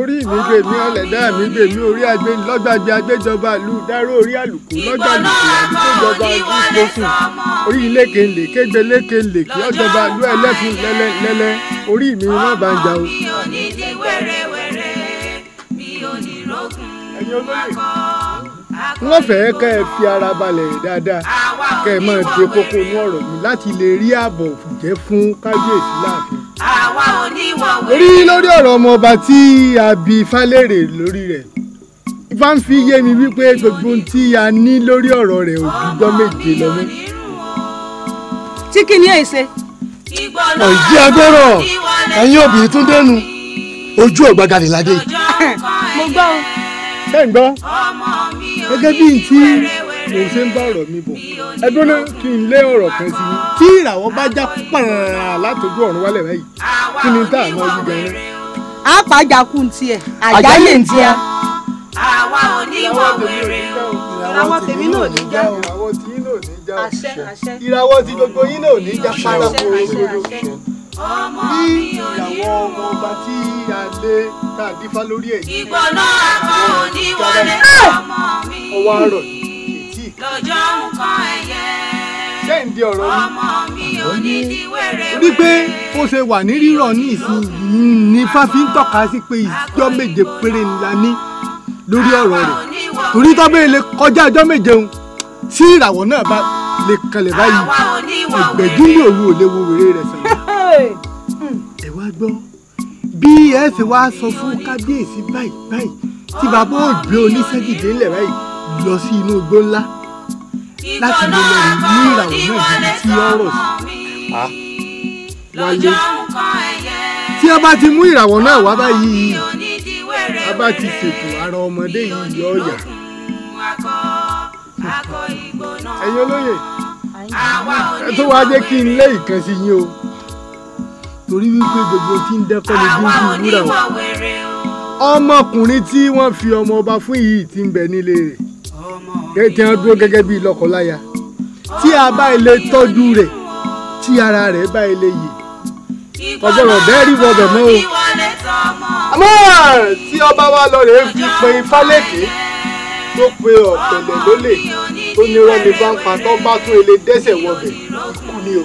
orí mi gbèmí ọlẹ́dá mi gbèmí orí agbẹ́ni lọ́gbàgbé agbẹ́jọba ìlú dáró orí àlùkò lọ́jà àlùkò àgbẹ́jọba fòfin orí iléke ńlè kégbé léke ńlè kí ọjọba ìlú ẹlẹ́fun lẹ́lẹ́lẹ́lẹ́ orí mi má bá ń jà o. wọ́n fẹ́ẹ́ kẹ́ ẹ fi ara balẹ̀ dáadáa kẹ́ ẹ máa de kókó ní ọ̀rọ̀ mi láti lè rí ààbò jẹ́ fún kábíyèsí láàfin àwa ò ní wọn wé. rí lórí ọ̀rọ̀ ọmọ ọba tí a bi Ifá lórí rẹ̀ Ifá ń fi yé mi wípé gbogbo tí a ní lórí ọ̀rọ̀ rẹ̀ ò gbígbọ́ méje lọ́mú. tí kì ní èyí ṣe. ọ̀jẹ̀ agbọ́rọ̀ ẹ̀yin obìnrin tún dẹnu ojú ọ̀gbaga nìládé. mo gbọ́ o. ṣé gbọ́ gẹ́gẹ́ bí n ti mo ṣe ń bá ọ̀rọ̀ mi bọ̀ ẹ dúró kí n lé ọ̀rọ̀ kan sí i tí ìràwọ̀ bá já pààrà látòjú ọ̀run wálẹ̀ báyìí kí ni tá à ń wáyé gan-an. a pa àjàkú ń tiẹ̀ àjálè ń tiẹ̀. àwa ò ní ìwọ wèrè ìràwọ̀ tèmi náà ní já ìràwọ̀ tí yín náà ní já ìràwọ̀ tí gbogbo yín náà ní já pátá kó o lódò ní ìyàwó ọmọ ọba tí a lé tá a dífá ìgbọ̀nà àmọ́ òní wọlé ọmọ mi. ọwọ́ àárọ̀ ni lọ́jọ́ nǹkan ẹ̀yẹ. ṣé ń di ọ̀rọ̀ mi. ọmọ mi ò ní di wẹ́rẹ́wẹ́. rí pé ó ṣe wà ní rírọ̀ ní ìsìn ní fáfi ń tọ́ka sí pé ìjọ méje péré ńlá ní lórí ọ̀rọ̀ rẹ̀ torí tọ́bẹ̀ lè kọjá ọjọ́ méje òun tí ìràwọ̀ náà bá lè kalẹ̀ báyìí ìgbẹ́jú ní òru ò lè wo wèrè rẹ̀ sàn. ẹ wá gbọ́ bí ẹ ṣe wá sọ fún kábíyèsí báyìí báyìí tí bàbá ò oníṣẹ́ dìde ńlẹ̀ báyìí lọ sí inú igbó ńlá láti lè lọ ní ìràwọ̀ náà ju ti ọ̀rọ̀ wáyé tí a bá ti mú ìràwọ̀ náà wá báyìí a bá ti ṣètò ara ọmọdé yìí yọ ọ̀yà ẹ̀yin olóyè ẹ tó wá jẹ́ kí n lé ìkan sí yín o torí wípé gbogbo tí ń dẹ́kọ́ ni bí ń fi wúrà wá ọmọkùnrin tí wọ́n fi ọmọ ọba fún yìí ti ń bẹ nílé rẹ̀ tí wọ́n dúró gẹ́gẹ́ bíi lọ́kọláya tí a bá ilé tọ́jú rẹ̀ tí ara rẹ̀ bá ilé yìí ọgbọ́dọ̀ bẹ́ẹ̀ rí wọbẹ̀ mọ́ o. àmọ́ tí ọba wa lọ rèé fi pe ifá lẹ́kì tó pe ọ̀pẹ̀lẹ̀ lólè tó ní rọ́ọ̀nì bá ń pa tó bá tún ilé dẹ́sẹ̀ wọbẹ̀ kú ni o.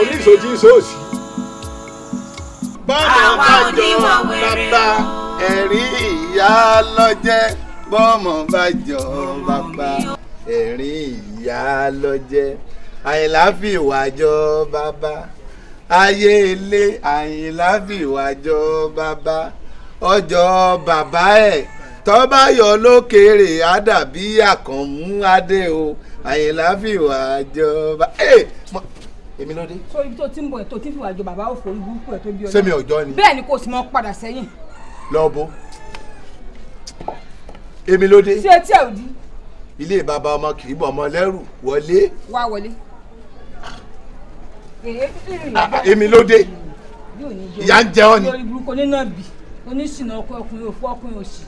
oníṣòjì sóòsì bọ́mọ bá jọ bàbá ẹ̀rí ìyá lọ́jẹ́ bọ́mọ bá jọ bàbá ẹ̀rí ìyá lọ́jẹ́ àyìnlá fi ìwà jọ bàbá ayé ilé àyìnlá fi bàbá ọjọ́ bàbá ẹ̀ tọ́ba lókèrè àdàbí àkànmú adé o àyìnlá fi bàbá. Eh, èmi ló dé. so ibi tó ti ń bọ̀ ẹ̀ tó ti fi wàá jọ bàbá òfò orí burúkú ẹ̀ tó bí ọjọ́. sẹ́mi ọjọ́ ni. bẹ́ẹ̀ ni kò sì mọ padà sẹ́yìn. lọ bo èmi ló dé. ṣé tí ẹ ò di. ilé bàbá ọmọ kì í bọ̀ ọmọ lẹ́rù wọlé. wá wọlé. Ah, èmi ló dé. ìyá ń jẹ ọ ni. orí burúkú oníná bì oníṣìnà ọkùnrin òfò ọkùnrin òsì.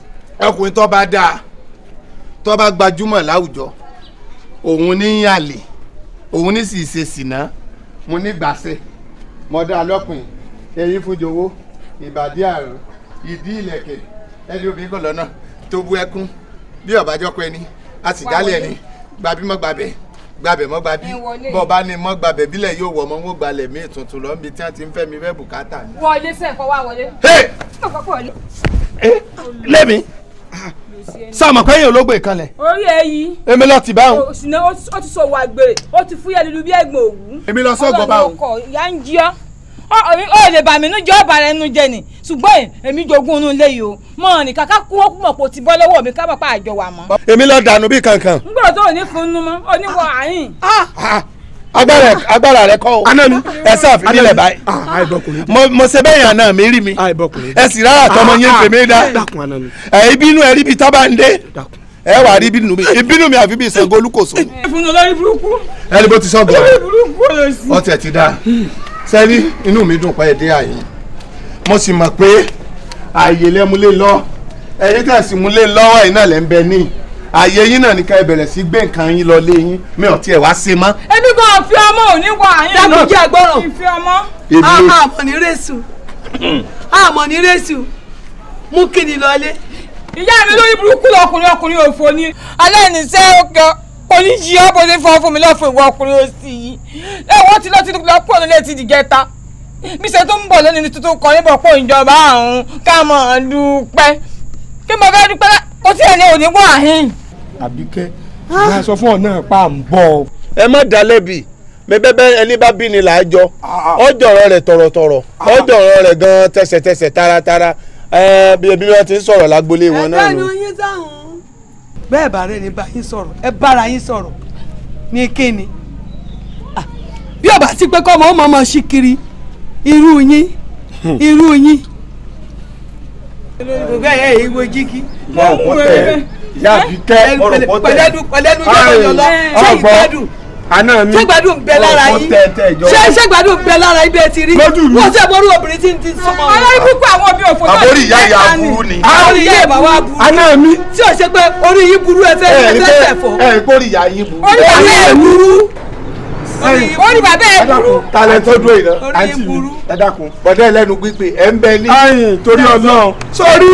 ọkùnrin tó bá dáa tó bá gbajúmọ̀ láwùjọ òun ní yàlè òun ní sì ṣe sìnà. Si mo ní gbàṣẹ mo dá lọ́pìn ẹyin fún jọ̀wọ́ ìbàdí àrùn ìdí ìlẹ̀kẹ̀ ẹni obìnrin kan lọ́nà tó bú ẹkún bí ọ̀bájọ́kọ ẹni a sì dálẹ̀ ẹni gbàbí mọ́ gbàbẹ̀ gbàbẹ̀ mọ́ gbàbí bọ́ bá ní mọ́ gbàbẹ̀ bílẹ̀ yóò wọ̀ mọ́ wọ́n gbalẹ̀ mí tuntun lọ́n bí tí wọ́n ti ń fẹ́ mi fẹ́ bùkátà ni. wọlé sẹ́ẹ̀kọ́ wá wọlé. lẹ́mi sáàmù pẹ́yìn olóògbé kanlẹ̀. orí èyí. èmi lọ ti báwọn. òsìnà ó ti sọ wà gbèrè ó ti fúyẹ́ lulu bí ẹ̀gbọ́n òwú. èmi lọ sọ́gbọ̀ báwọn. ọlọ́run ọkọ̀ ìyá ń jí ọ́ ó lè bà mí nújọ ọba rẹ nu jẹ ni ṣùgbọ́n èmi jogún inú ilé yìí o mọ ní kàkà kú ó mọ̀ kó ti bọ́ lọ́wọ́ mi kábàpá àjọ wa mọ́. èmi lọ dànù bí kankan. nígbà tó o ní fún o ní wọ àárín. Ah, ah. agbara agbára rẹ kọ́ o anami ẹsẹ àfihàn ilẹ̀ báyìí ah, ah, mo se bẹ́ẹ̀ yàn náà mi rí mi ẹ sì rárá tọmọ ah, yẹn fèmí dá ẹ ibinú ẹ rí bi tábà ń dé ẹ wà rí mi ibinú mi àfi bí Ṣàngó Olúkòso. ẹ fún bó ti sọ gan ọtẹ ti dá sẹ́ni inú mi dùn pé dé àyè mo sì mọ̀ pé àyè lẹ́múlé lọ ẹ̀yin tẹ̀sí múlé lọ́wọ́ ẹ̀ lẹ́ ń bẹ níyì. àyè yín náà nìkan ẹ bẹ̀rẹ̀ sí gbé nǹkan yín lọ lé yín mi ò tiẹ̀ wá ṣe mọ́. ẹbí kan fi ọmọ òní wà yín náà dábìjì àgbọràn ìfi ọmọ. àmọ̀ ní rẹ́sù àmọ̀ ní rẹ́sù mú kí ni lọlé. ìyá mi lórí burúkú lọkùnrin ọkùnrin òfò ni. aláìníṣẹ́ òkè oníṣìí ọ̀bọ̀dé fọ́ fún mi lọ́fọ̀ ìwọ ọkùnrin òsì yìí lẹ́wọ́n ti lọ ti lọ pọ̀ nílé ti dìgẹ́ta bí ṣe tó ń bọ̀ lónìí tuntun kan níbọ̀ pọ̀ ìjọba àrùn ká mọ̀ ọ́n dúpẹ́ kí mo fẹ́ dúpẹ́ kó tí ní òní wọ̀ àhín àbíkẹ́ ah. ìyá sọ fún ọ náà pa ń bọ̀. ẹ má dá lẹ́bi mẹ́bẹ́bẹ́ ẹni bá bí ni là á jọ ah, ah. ọjọ́ ọ̀rọ̀ rẹ̀ tọ̀rọ̀tọ̀rọ̀ ọjọ́ ọ̀rọ̀ rẹ̀ gan-an tẹsẹ̀tẹsẹ̀ taratara bí ẹbí wọn ti ń sọ̀rọ̀ lágbolé wọn náà nù. bẹ́ẹ̀ bá rẹ̀ ní bá yín sọ̀rọ̀ ẹ bára yín sọ̀rọ̀ ní kíni bí ọba ti pé kọ́mọ ọmọ ọmọ sí kiri irú yín hmm. irú yín. gbogbo ẹ̀yà ìwo jíkí. wọn ò kọ́ ìyá àbíkẹ́ ọ̀rọ̀pọ̀ tẹ̀ pẹ̀lẹ́dù pẹ̀lẹ́dù lọ́wọ́ lọ ṣé ìgbádùn àná mi ṣé gbádùn bẹ lára yín ṣé ṣé gbádùn bẹ lára yín bẹ́ẹ̀ ti rí wọ́n ṣe borí obìnrin tí ń ti sọmọ wọn. alárí púpọ̀ àwọn bí òfò náà àbórí ìyá ìyá aburú ni. àbórí ìyá ìbá wa burú àná mi tí o ṣe pé orí yín burú ẹ fẹ́ ẹ fẹ́ fẹ́ fọ́. ẹ ẹ kórì ìyá yín burú. orí bàbá ẹ burú orí bàbá ẹ burú. talẹ̀ tó dúró yìí náà àǹtí mi ẹ dákun bọ̀dẹ́ lẹ́nu gbígbé ẹ ń bẹ ní. ayin torí Ọlọ́run sórí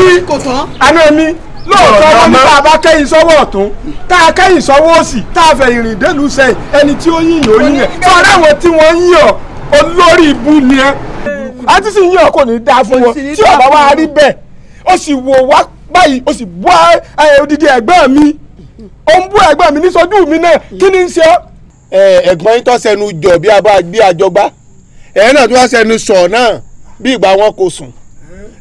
àná mi lóòótọ́ wọn ní tá a bá kẹ́yìn sọ́wọ́ ọ̀tún tá a kẹ́yìn sọ́wọ́ òsì tá a fẹ́ ìrìn délùú sẹ́yìn ẹni tí ó yìn yóò yìn ẹ̀ sọ́ọ́ láwọn tí wọ́n yìn ọ́ olórí ibú ni ẹ́ àti sì yìn ọ́ kò ní dáa fún wọn tí ọ̀bá wa rí bẹ́ẹ̀ ó sì wò wá báyìí ó sì bú odidi ẹ̀gbọ́n mi ó ń bú ẹ̀gbọ́n mi ní mi náà kí ni ń ṣe ọ́. ẹ̀gbọ́n yín tó sẹnu jọ bí abá gbé àjọgbá ẹ̀ náà tó wá sẹnu sọ̀ náà bí ìgbà wọn kò sùn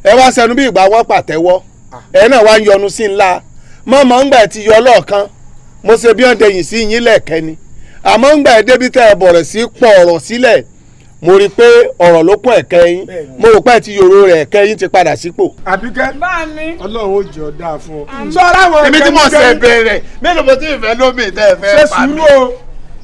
ẹ wá sẹnu bí ìgbà wọn pàtẹ́wọ́. Ah. ẹ náà wá yọnu sí ńlá mọ́mọ́ ńgbà ti yọ lọ́ọ̀kan mo ṣe bí sí yín lẹ́ẹ̀kẹ́ ni àmọ́ ńgbà ẹ débi ẹ sí pọ̀ ọ̀rọ̀ sílẹ̀ mo pé ọ̀rọ̀ ló kún ẹ̀kẹ́ yín mo rò pé ti yòrò ẹ̀kẹ́ yín ti padà sípò. àbíkẹ́ ọlọ́run ò jọ dáa fún ọ. tí mo ṣe bẹ̀rẹ̀ mélòó mo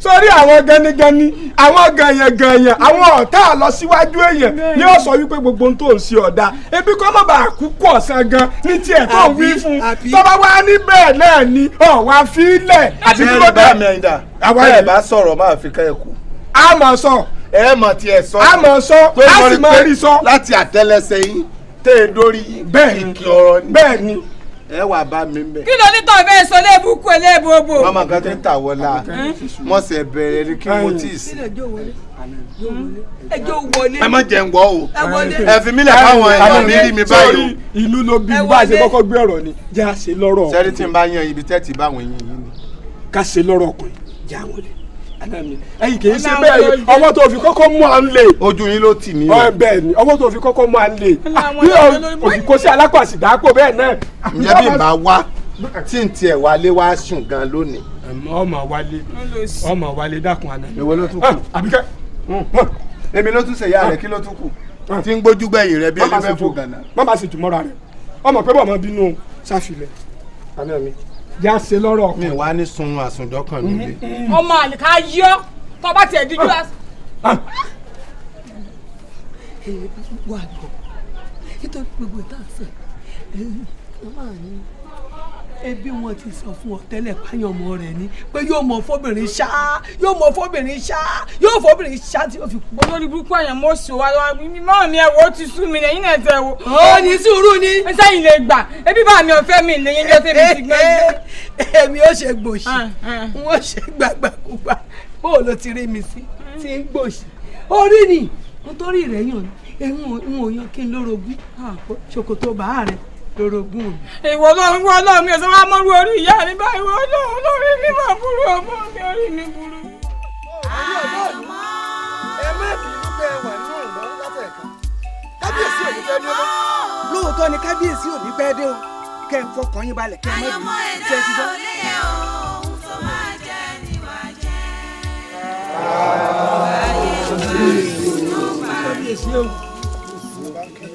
sórí àwọn ganigani àwọn gànyàngànyà àwọn ọ̀tá àlọsíwájú èèyàn ni ó sọ wípé gbogbo ohun tó ń ṣe ọ̀dà ebi kọ́ mọ̀ bá kú pọ̀ sàn gan ní tiẹ̀ tó ń wí fún tọ́ba wá níbẹ̀ náà ni ọ̀wá fílẹ̀ àti kí ló dé. àwa ẹ̀ bá sọ̀rọ̀ máa fi kẹ́ ẹ̀ kú. a mọ̀ sọ. ẹ mọ̀ tiẹ̀ sọ. a mọ̀ sọ a sì mọ̀ rí sọ. láti àtẹ́lẹsẹ̀ yín tẹ́ ẹ dórí yín. bẹ́ẹ̀ ni bẹ́ẹ̀ ni ẹ wà bá mi mbẹ. kí ló ní tọ́ bẹ́ẹ̀ sọ léèbù kú léèbù òbò. mama nǹkan tí ń tà wọlá mọ̀sẹ̀ bẹ̀rẹ̀ ni kí mo tì sí. ẹjọ́ wọlé. ẹ má jẹ ń gbọ́ o ẹ fi mílẹ̀ káwọn èèyàn mi rí mi báyìí. ìlú ló bí bá a ṣe kọ́kọ́ gbé ọ̀rọ̀ ni jẹ́ a ṣe lọ́rọ̀ ọkùnrin. sẹ́rí tí n bá yan ibi tẹ́tì báwọn yìnyín ni. ká ṣe lọ́rọ̀ ọkùnrin jẹ́ àwọn lè ẹ̀yin kì í ṣe bẹ́ẹ̀ ọwọ́ tó fi kọ́kọ́ mú à ń lè. ojú yín ló tì mí o. bẹ́ẹ̀ ni ọwọ́ tó fi kọ́kọ́ mú à ń lè. bí òsì kò sí alápàṣídàápò bẹ́ẹ̀ náà. ǹjẹ́ bí màá wá tí n tiẹ̀ wálé wá sùn gan lónìí. ọmọ wálé ọmọ wálé dákun àná. èwo ló tún kù. Ah, àbíkẹ́ hmm, hmm. èmi ló tún ṣe ìyá rẹ kí ló tún kù. Ah. tí ń gbójú gbẹ̀yìn rẹ bí ẹni fẹ́ fò gànà. má má já se lọ́rọ̀ ọkọ. mi wá ní sunrun àsùnjọ kan nílé. ọmọ àlìká yọ tó bá tiẹ̀ díjú lásán. wà á gbọ́ nítorí gbogbo ìtàn sẹ́ẹ̀ ẹ̀ ẹ̀ wọ́n máa ebi wọn ti sọ fún ọ tẹ́lẹ̀ páyọ̀ ọmọ rẹ̀ ni pé yóò mọ fọ́bìnrin ṣá yóò mọ fọ́bìnrin ṣá yóò fọ́bìnrin ṣá tí yóò fi kú. olórí burúkú àyàn mọ sí wa lọ mọ mi ẹwọ ó ti sú mi lẹ́yìn náà tẹ wo. ó ní sùúrù ni. sẹ́yìn lè gbà ebi bá mi ọ̀fẹ́ mi lẹ́yìn ló tẹ̀mí ti gbẹ́. èmi ó ṣe gbòṣì wọn ah, ah. ṣe gbàgbàkúgbà bó o ló ti rí mi sí ti ń gbòṣì orí ni nítorí rẹ̀ yàn ń wòyàn kí n lórogún ah, ṣòkòtò bàá rẹ̀ lórogún mi. ìwọ ló ń wọ Ọlọ́run mi ọsán wa mọrú orí ìyá mi báyìí wọ Ọlọ́run lórí mi máa burú ọmọ mi orí mi burú. àmọ́ ẹ má bínú pé ẹ wà nínú ìlọrin látẹ̀kan kábíyèsí ò ní pẹ́ dé o. lóòótọ́ ni kábíyèsí ò ní pẹ́ dé o kẹ́ ń fọkàn yín balẹ̀ kẹ́ ẹ má bínú kẹ́ ẹ ti dán. kábíyèsí o.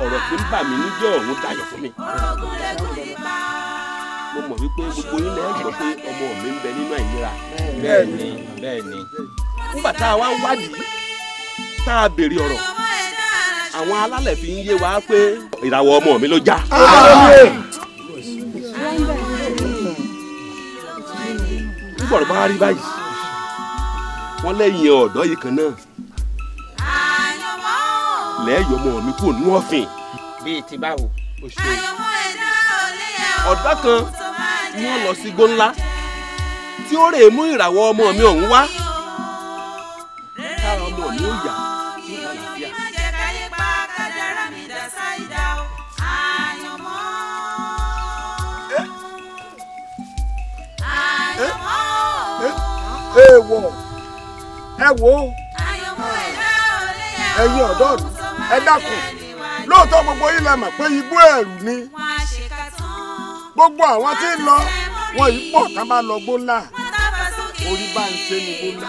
ọ̀rọ̀ tí ń bà mí níjọ́ ọ̀hún dayọ̀ fún mi. mo mọ̀ wípé gbogbo yín lẹ́yìn gbọ́ pé ọmọ mi ń bẹ nínú àìlera. bẹ́ẹ̀ ni nígbà tá a wá wádìí tá a béèrè ọ̀rọ̀ àwọn alálẹ̀ fi ń yé wa pé ìràwọ̀ ọmọ mi ló já. nígbà tó bá rí báyìí wọ́n lẹ́yìn ọ̀dọ́ yìí kan náà lẹ́yọ̀ ọmọ mi kò nú ọ̀fìn. bíi ti báwo. ọ̀dọ́ kan ni wọ́n lọ sí igbó ńlá tí ó rèé mú ìràwọ̀ ọmọ mi ọ̀hún wá. kára ọmọ mi ò yá ní àlàáfíà. ẹ wò ẹ wò ẹ̀yin ọ̀dọ́ ẹ dákun lóòótọ́ gbogbo yín lẹ mọ̀ pé ibú ẹ̀rù ni gbogbo àwọn tí ń lọ wọn yìí pọ̀ ká máa lọ gbólà orí bá ń ṣe ni gbólà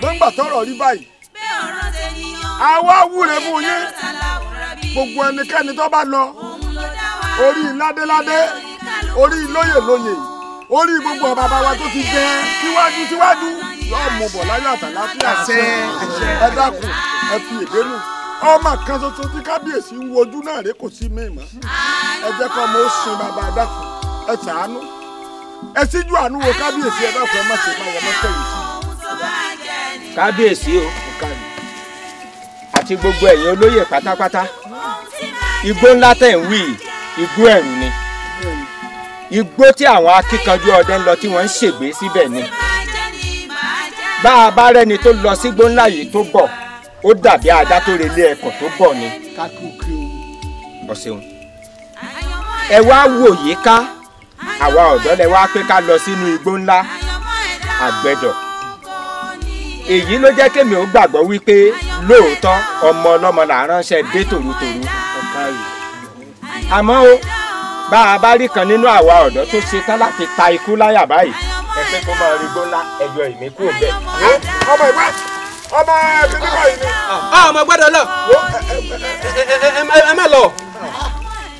gbọ́ngbà tọrọ rí báyìí àwa wúre fún yín gbogbo ẹnikẹ́ni tó bá lọ orí ládéládé orí lóyèlóyè orí gbogbo bàbá wa tó ti jẹ síwájú síwájú yóò mú bọ̀ láyọ̀ àtàlàfíà ẹ dákun ẹ fi ìgbénu ọmọ kan ṣoṣo tí kábíyèsí ń wojú náà rẹ kò sí mímọ́ ẹ jẹ́ kó ọmọ ó sin bàbá dákun ẹ ṣàánú ẹ síjú àánú wo kábíyèsí ẹ dákun ẹ má ṣe báyọ mọ́tẹ́ yìí sí. kábíyèsí o àti gbogbo ẹ̀yin olóyè pátápátá igbó ńlá tẹ̀ ń wí igbó ẹ̀rù ni igbó tí àwọn akíkanjú ọdẹ ń lọ tí wọ́n ń ṣègbé síbẹ̀ ni bá a bá rẹni tó lọ sígbó ńlá yìí tó bọ̀ ó dàbí ajá tó relé ẹkọ tó bọ̀ ni. ọ̀sẹ̀hún ẹ wá wòye ká àwa ọ̀dọ́ lẹ wá pé ká lọ sínú igbó ńlá àgbẹ̀dọ̀ èyí ló jẹ́ kémi ó gbàgbọ́ wípé lóòótọ́ ọmọ ọlọ́mọ là ń ránṣẹ́ dé tòrutòru àmọ́ o bá a bá rí kan nínú àwa ọ̀dọ́ tó ṣetán láti ta ikú láyà báyìí ẹ fẹ́ kó máa rí igbó ńlá ẹ̀yọ ìmíkú bẹ́ẹ̀. ọmọ ìwé ọmọ ẹbí kọ́ yìí ni. a ọmọ gbọ́dọ̀ lọ ẹ má lọ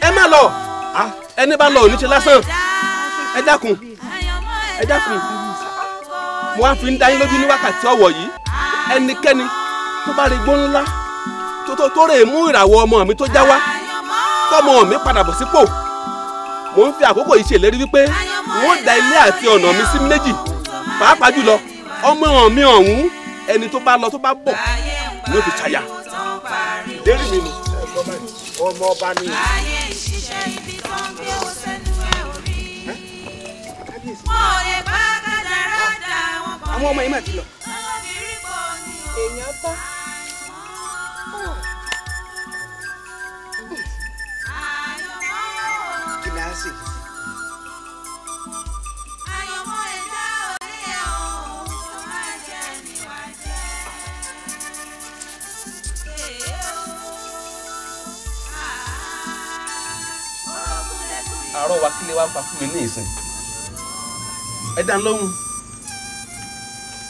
ẹ má lọ ẹni bá lọ ò ní ṣe lásán ẹ dákun ẹ dákun mo wá fi ń dá yín lójú ní wákàtí ọ̀wọ̀ yìí ẹnikẹ́ni tó bá rí gbóhùn ńlá tó tó rè mú ìràwọ̀ ọmọ mi tó já wá tọmọ mi padà bọ̀ sípò mo ń fi àkókò yìí ṣèlérí wípé n ó da ilé àti ọ̀nà mi sí méjì pàápàá jùlọ ọmọ mi ọ̀hún ẹni tó bá lọ tó bá bọ̀ ló fi ṣàyà dérì mi ni. ọmọ ọba ni. àwọn ọmọ yìí mà ti lọ. èèyàn bá. àárọ̀ wa kílé wa ń papú mi ní ìsìn ẹ dá lóhùn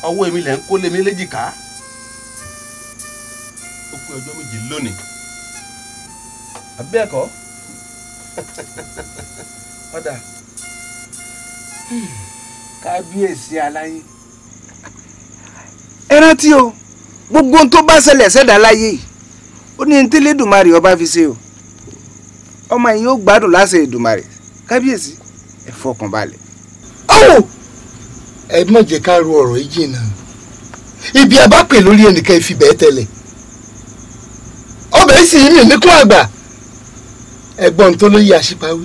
ọwọ́ èmi lẹ̀ ń kó lé mi léjìká ó pé ọjọ́ méje lónìí àbí ẹ̀kọ́ ọ̀dà kábíyèsí aláyé. ẹ rántí o gbogbo ohun tó bá ṣẹlẹ̀ ṣẹ̀dá láyé ó ní ní tẹ́lẹ̀ dùmarè ọba fi ṣe o ọmọ yìí ó gbádùn láṣẹ Èdùmàrè kábíyèsí ẹ fọkàn balẹ̀. ọ̀hún ẹ má jẹ́ ká ro ọ̀rọ̀ yìí jìnnà ibi abápè lórí ẹnìkan ìfibẹ̀ tẹ́lẹ̀ ọbẹ̀ sì ń nìkún àgbà ẹ̀gbọ́n tó lóye àṣepawí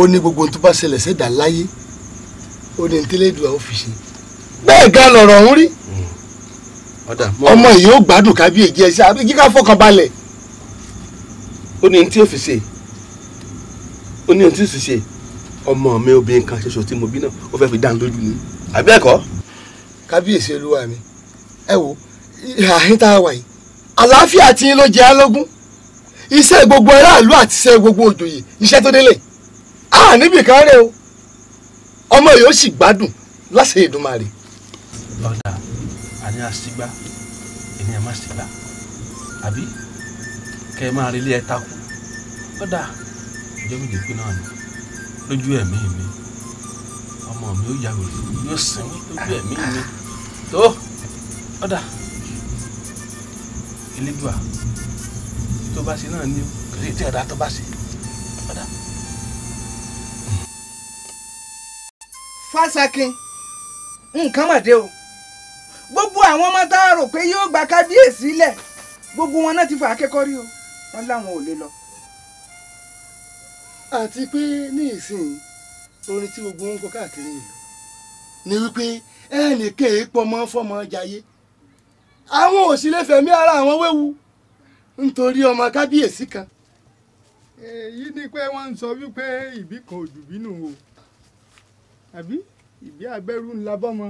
ó ní gbogbo tó bá ṣẹlẹ̀ ṣẹ̀dá láyé ó ní ntẹ́lẹ̀dùn àwọn fi ṣe bẹ́ẹ̀ ga lọ̀rọ̀ ọ̀hún rí ọmọ yìí ó gbádùn kábíyèjì ẹ̀ sí àbí kíkà fọkàn balẹ̀. ó ní ntí ó fi ṣe ó ní ohun tí ó sì ṣe ọmọ mi obìnrin kan ṣoṣo tí mo bí náà ó fẹ́ fi dá lójú ni àbí ẹ̀kọ́. kábíyèsí olúwa mi ẹ wo àhín tá a wà yìí àlàáfíà tí yín ló jẹ alógún iṣẹ́ gbogbo aráàlú àti iṣẹ́ gbogbo òjòyè iṣẹ́ tó délé a níbì kan rẹ o ọmọ yìí ó sì gbádùn láṣẹ Èdùmàrè. ọ̀dà àní àṣìgbà ènìyàn má ṣìgbà àbí kẹ́ ẹ máa relé ẹ takú ọ̀dà ọjọ́ méje pé náà ni lójú ẹ̀mí mi ọmọ mi ó yàwé yóò sìn mí lójú ẹ̀mí mi tó ọ̀dà elédùà tó bá ṣe náà ni o kìí tí ọ̀dà tó bá ṣe ọ̀dà. fásakin nǹkan mà dé o gbogbo àwọn ọmọ tá a rò pé yóò gba kábíyèsí lẹ̀ gbogbo wọn náà ti fà á kẹ́kọ̀ọ́ rí o wọn láwọn ò lè lọ àti pé ní ìsìn orin tí gbogbo ń kọ káàkiri ìlú ni wípé ẹnìkan èé pọmọ fọmọ jayé àwọn òṣìlẹ̀ fẹ̀mí ara àwọn wéwu nítorí ọmọ kábíyèsí kan. èyí ni pé wọ́n ń sọ wípé ìbí kan ò jù bínú o àbí ìbí abẹ́rú ńlá bọ́mọ.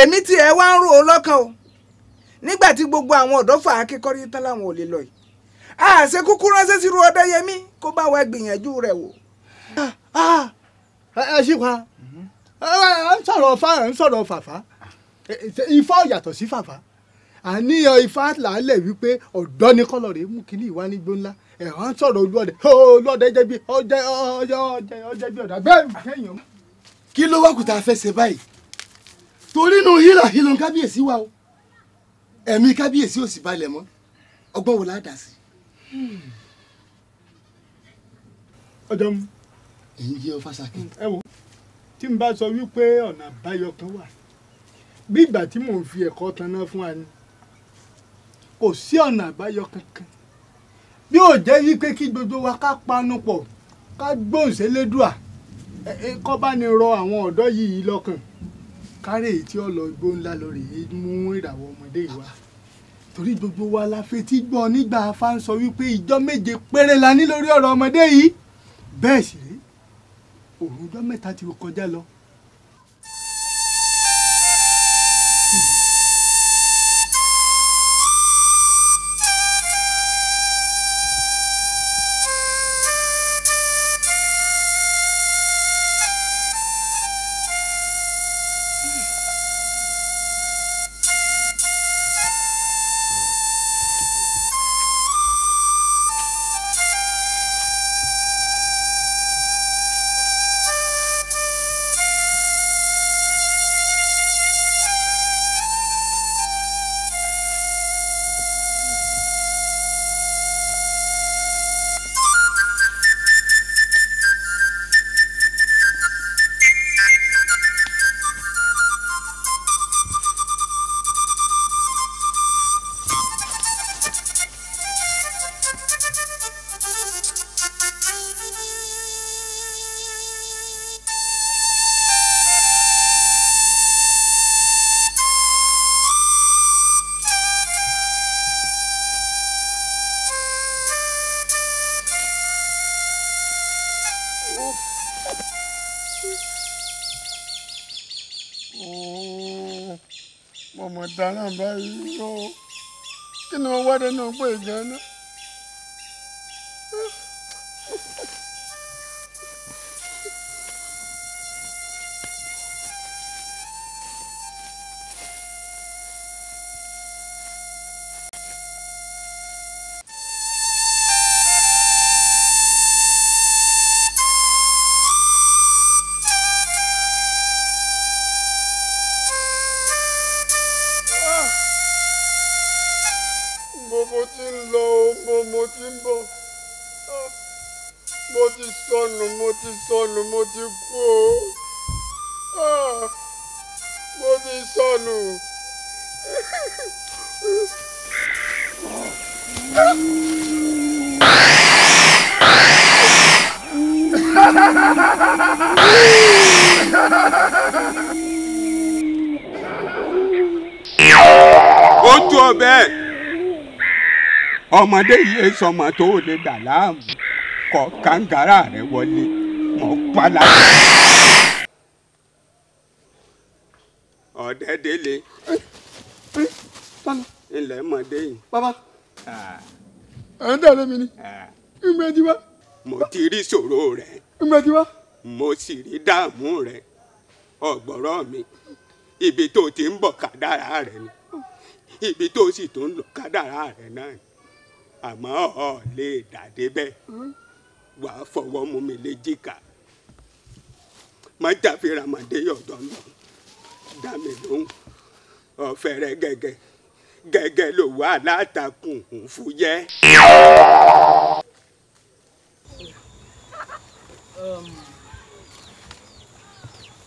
èmi tí ẹ wá ń rò ó lọ́kàn o nígbà tí gbogbo àwọn ọ̀dọ́ fà á tán láwọn ò lè lọ yìí àṣẹ kúkú ránṣẹ́ sí irú Ọdẹ́yẹmí kó bá wa gbìyànjú rẹ̀ wò. Ah, ah. ẹ ṣí wa ń sọ̀rọ̀ ọ̀fà ń sọ̀rọ̀ fàfà ifá ò yàtọ̀ sí fàfà àníyàn ifá làálẹ̀ wípé ọ̀dọ́ ni kọ́lọ̀ rẹ̀ mú kíní ìwá ní gbóńlá ẹ̀hán ń sọ̀rọ̀ olúọdẹ olúọdẹ jẹ́ bí ọjẹ́ ọjẹ́ ọjẹ́ ọjẹ́ bí ọ̀dà bẹ́ẹ̀ kẹ́yìn. kí ló wá kùtà fẹ́ ṣe báyìí torí inú hílà hílà kábíyèsí wa o ẹ̀mí kábíyèsí ò sì balẹ̀ mọ́ ọgbọ́n wo la dà sí i ọjọ́ mu. ẹ̀yin jẹ́ ọfàsàkì. ẹ wo tí n bá sọ wípé ọ̀nà àbáyọ kan wà bí ìgbà tí mò ń fi ẹ̀kọ́ tanná fún wa ni kò sí ọ̀nà àbáyọ kankan bí ò jẹ́ wípé kí gbogbo wa ká panu pọ̀ ká gbóǹsélédùà kọ́ bá ní rọ àwọn ọ̀dọ́ yìí lọ́kàn kárẹ̀ èyí tí ó lọ igbó rèé mú ìràwọ̀ ọmọdé ìwà torí gbogbo wa la fetí gbọ́n nígbà afá ń sọ wípé ìjọ́ méje péré la ní lórí ọ̀rọ̀ ọmọdé yìí bẹ́ẹ̀ sì rèé òun ọjọ́ mẹ́ta ti kọjá lọ dáná báyìí yóò kí ni mo wá dé inú ìjẹun náà. sọnù mo ti sọnù mo ti kú o ah, mo ti sọnù. ó tó bẹ́ẹ̀ ọmọdé yìí sọmọ tó lè dà láàmú kọ kangara, rẹ wọlé mọ̀ pálá. ọ̀dẹ́dẹ́lẹ̀ ilẹ̀ mọ̀dé yìí. bàbá à ń tẹ̀lé mi ni ìgbẹ́ ti wá. mo ti rí ìṣòro rẹ. ìgbẹ́ mo sì rí dààmú rẹ ọ̀gbọ̀rọ̀ mi ibi tó ti ń bọ̀ kádàrá rẹ ni ibi tó sì tún lọ kádàrá rẹ náà ni àmọ́ ọ̀ lè dà débẹ̀ wàá fọwọ́ mú mi léjìká má jàfira màdé ọ̀dọ́ nù dá mi lóhùn ọ̀fẹ́ rẹ gẹ́gẹ́ gẹ́gẹ́ ló wà látàkùn fúyẹ́.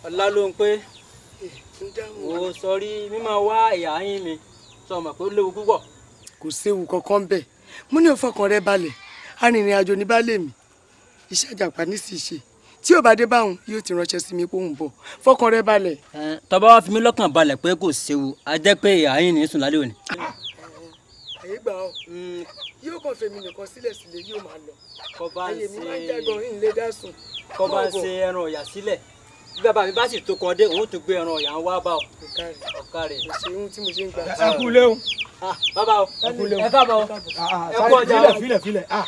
ọ̀la ló ń pé o sọrí mímọ wá ìyá yín mi sọ ma pé ó léwu púpọ̀. kò séwu kankan bẹ́ẹ̀ mo ní òfọkàn rẹ balẹ̀ arìnrìn àjò ní baálé mi iṣẹ́ àjàpá ní sì ṣe tí ò bá dé báwọn yóò ti ránṣẹ́ sí mi kó ń bọ̀ fọkàn rẹ balẹ̀. tọ́ba wa fi mí lọ́kàn balẹ̀ pé kò séwu a jẹ́ pé àyìn ní sùn lálẹ́ òní. àyè gbà ọ yóò kàn fèmí nìkan sílẹ̀ sílẹ̀ yóò máa lọ àyè mi máa ń jágọ̀ ń sùn. kọ́ ṣe ẹran ọ̀yà sílẹ̀ bí bàbá mi bá sì tó kọ dé òun tó gbé ẹran ọ̀yà ń wá bá ọ. ọ̀kàrẹ̀ kò sí ohun tí mo ṣe ń gbà. ẹ kú léwu. bàbá o ẹ ah, bàbá o ẹ kú ọjà o. filẹ̀ filẹ̀ ah,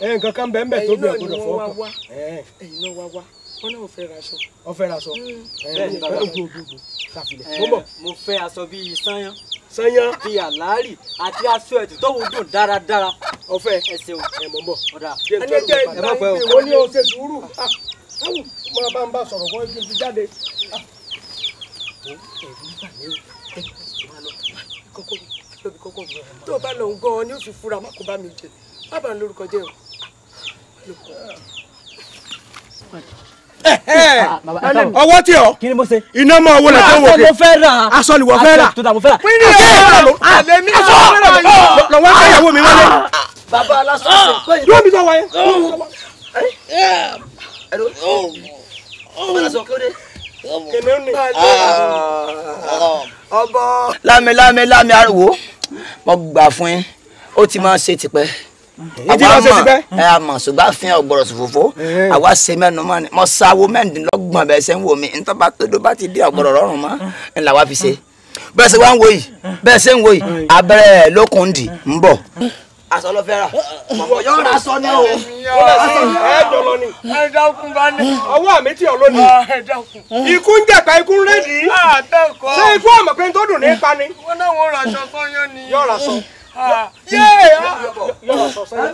e ẹ nǹkan kan bẹ́ẹ̀ bẹ́ẹ̀ tó bẹ̀ kó lọ fọ́ ọkọ̀. ẹ̀yin náà wá wá wọn náà fẹ́ raṣọ. ọ fẹ́ raṣọ. Mm. bẹ́ẹ̀ni bàbá o mo fẹ́ aṣọ bíi sanyán sanyán bíi àlárì àti aṣọ ẹ̀tù tó wù dùn dáradára. ọfẹ ẹsẹ o ẹ mọ mọ ọdà. ẹni jẹ ìgbà ìwé wo ni o ṣe sùúrù. Ah máa bá ń bá sọ̀rọ̀ kọ́ ẹbí ti jáde. tó o bá lọ gan-an ni ó fi fura má kó bá mi jẹ má bàa lórúkọ jẹ o. Ah, ọwọ́ tí ọ iná mọ owó la ah, tó wò ké aṣọ ni wọ́n fẹ́ rà pínlẹ̀ aṣọ lọ́wọ́ fẹ́ ah, yàwó mi wọlé. bàbá aláṣọ yóò mi sọ wáyé ẹ̀rọ ọ̀bọ̀lá oh. sọ kí ó dé. kìnìún ní báyìí. Ah. ọbọ. lámì lámì lámì ariwo mo gbà fún yín ó ti máa ṣe tipẹ́ àwa mọ ẹ a mọ ṣùgbọ́n àfihàn ọ̀gbọ̀rọ̀ ṣòfófó eh. àwa ṣe mẹ́nu mọ́ ni mo ṣàwo mẹ́rìndínlọ́gbọ̀n bẹ́ẹ̀ ṣe ń wò mí nítorí tó dó bá ti dé ọ̀gbọ̀rọ̀ rọrùn mọ́ ni làwa fi ṣe bẹ́ẹ̀ ṣe wá ń wò yìí bẹ́ẹ̀ ṣe ń wò yìí eh. abẹ́rẹ́ lókun dì ń bọ̀ aṣọ ló fẹ́ rà eh, eh, mọ̀mọ́ o aṣọ ní ni. ẹ àmì tí ọlọ́ ni. ikú ń jẹ̀pá ikú ń rédì. Ah, ṣé ikú àmọ̀ tó dùn ní ipa ni. wọn náà wọn rà aṣọ sọyán ni. yóò rà aṣọ. Ah, ah. ẹ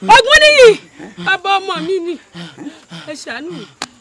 máa bọ̀ ẹ ọmọ mi ni ẹ ṣàánú mi.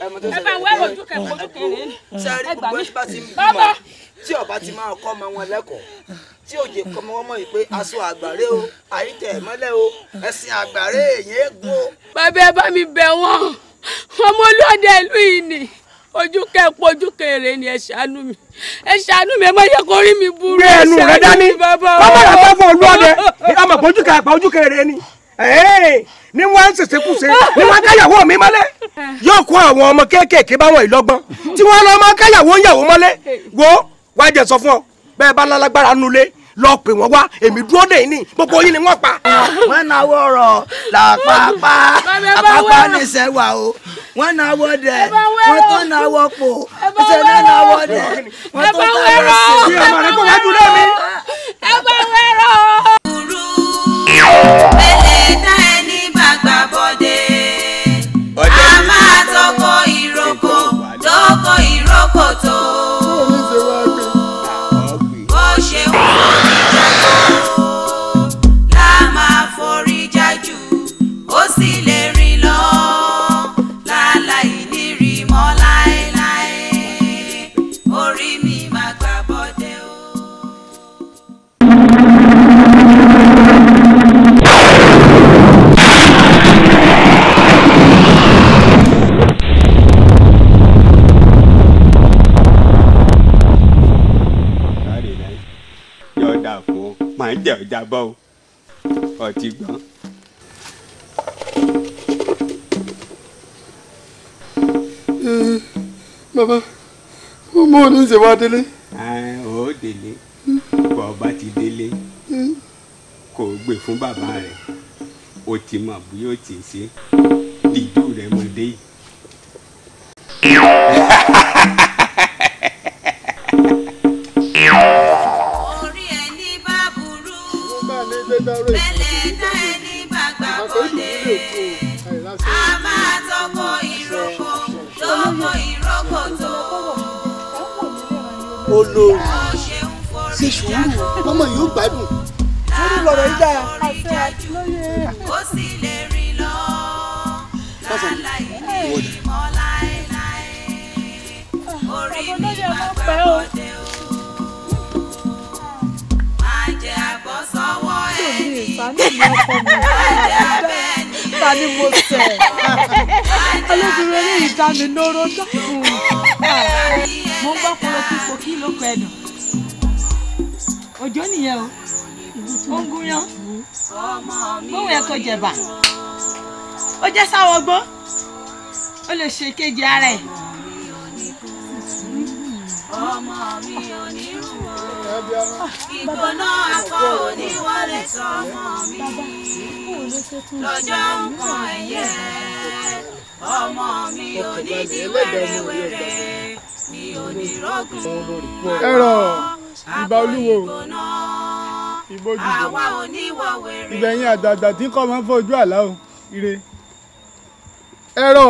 ẹ bá wẹ́ ojú kẹ̀kọ́ ojú kẹ̀rẹ́ ẹ tí ọba ti máa kọ́ ọmọ wọn lẹ́kọ̀ọ́ tí òye kọ́ ọmọ wọn mọ̀ pé aṣọ àgbàre o àyítẹ̀ mọ́lẹ̀ o ẹ̀sìn àgbàre èyí ègbó. bàbá ẹ bá mi bẹ̀ wọ́n ọmọ olóde ìlú yìí ni ojú kẹpọ ojú kẹrẹ ni ẹ ṣàánú mi ẹ ṣàánú mi ẹ má yẹ kó rí mi burú ẹ ṣàánú mi bàbá o. nu rẹ dání bàbá rẹ fẹ́ fún olóde ọmọ ojú kẹpọ ojú kẹrẹ ni ní wọn ṣèṣe kùsẹ ní wọn káyàwó mi mọ́lẹ̀ yóò kó àwọn ọmọ kéékèèké báwọn ìlọ́gbọ́n tí wọn lọ máa káyàwó ń yàwó mọ́lẹ̀ wo wàá jẹ sọ fún ọ bẹ́ẹ̀ bá lálágbára nulẹ lọ pè wọn wá èmi dúró dè ní gbogbo yín ni wọn pa. wọn náwó ọ̀rọ̀ làpápá àpápá ní sẹwà o wọn náwó dẹ wọn tó náwó pò ṣe náà náwó dẹ wọn tó náwó sí. ẹ bá wẹ́rọ̀ ẹ bá wẹ́rọ̀. ń jẹ ọjà bọ́ o ọtí gbọ́n. Eh, bàbá mo ò ní ṣe wá délé. ò ó délé bọ́ ọba ti délé hmm. kò gbé fún bàbá rẹ̀ o ti mọ̀ bí o ti ṣe dídú rẹ̀ mọ̀ dé yìí. a máa yóò gbádùn lórí lọ́rọ̀ yíyá ó sì lè rìn lọ láláì ìmọ̀ láéláé orí mi máa gbà bọ́dé o máa jẹ àbọ̀sọ́wọ́ ẹ̀ ní ni mo ṣẹ̀ olóṣèlú ní ìdáminóró dákun mo ń bá kọlọ tí kò kí ló kọ ẹdùn òjò nìyẹn o ó ń gúnyán bóun ẹ kò jẹ̀bà ó jẹ́ sáwọ́ gbọ́ ó lè ṣe kejì ara ẹ̀. ọmọ mi ò ní rú o ìgbóná akọ òní wọlé sọmọ mi lọ́jọ́ ń kàn ẹ̀yẹ ọmọ mi ò ní di wẹ́rẹ́wẹ́rẹ́ mi ò ní rọ́gùn ẹ̀rọ ìbà olúwo ìbòjú ìgbẹ̀yìn àdàdà tí kò máa ń fojú àlá o ire ẹ̀rọ.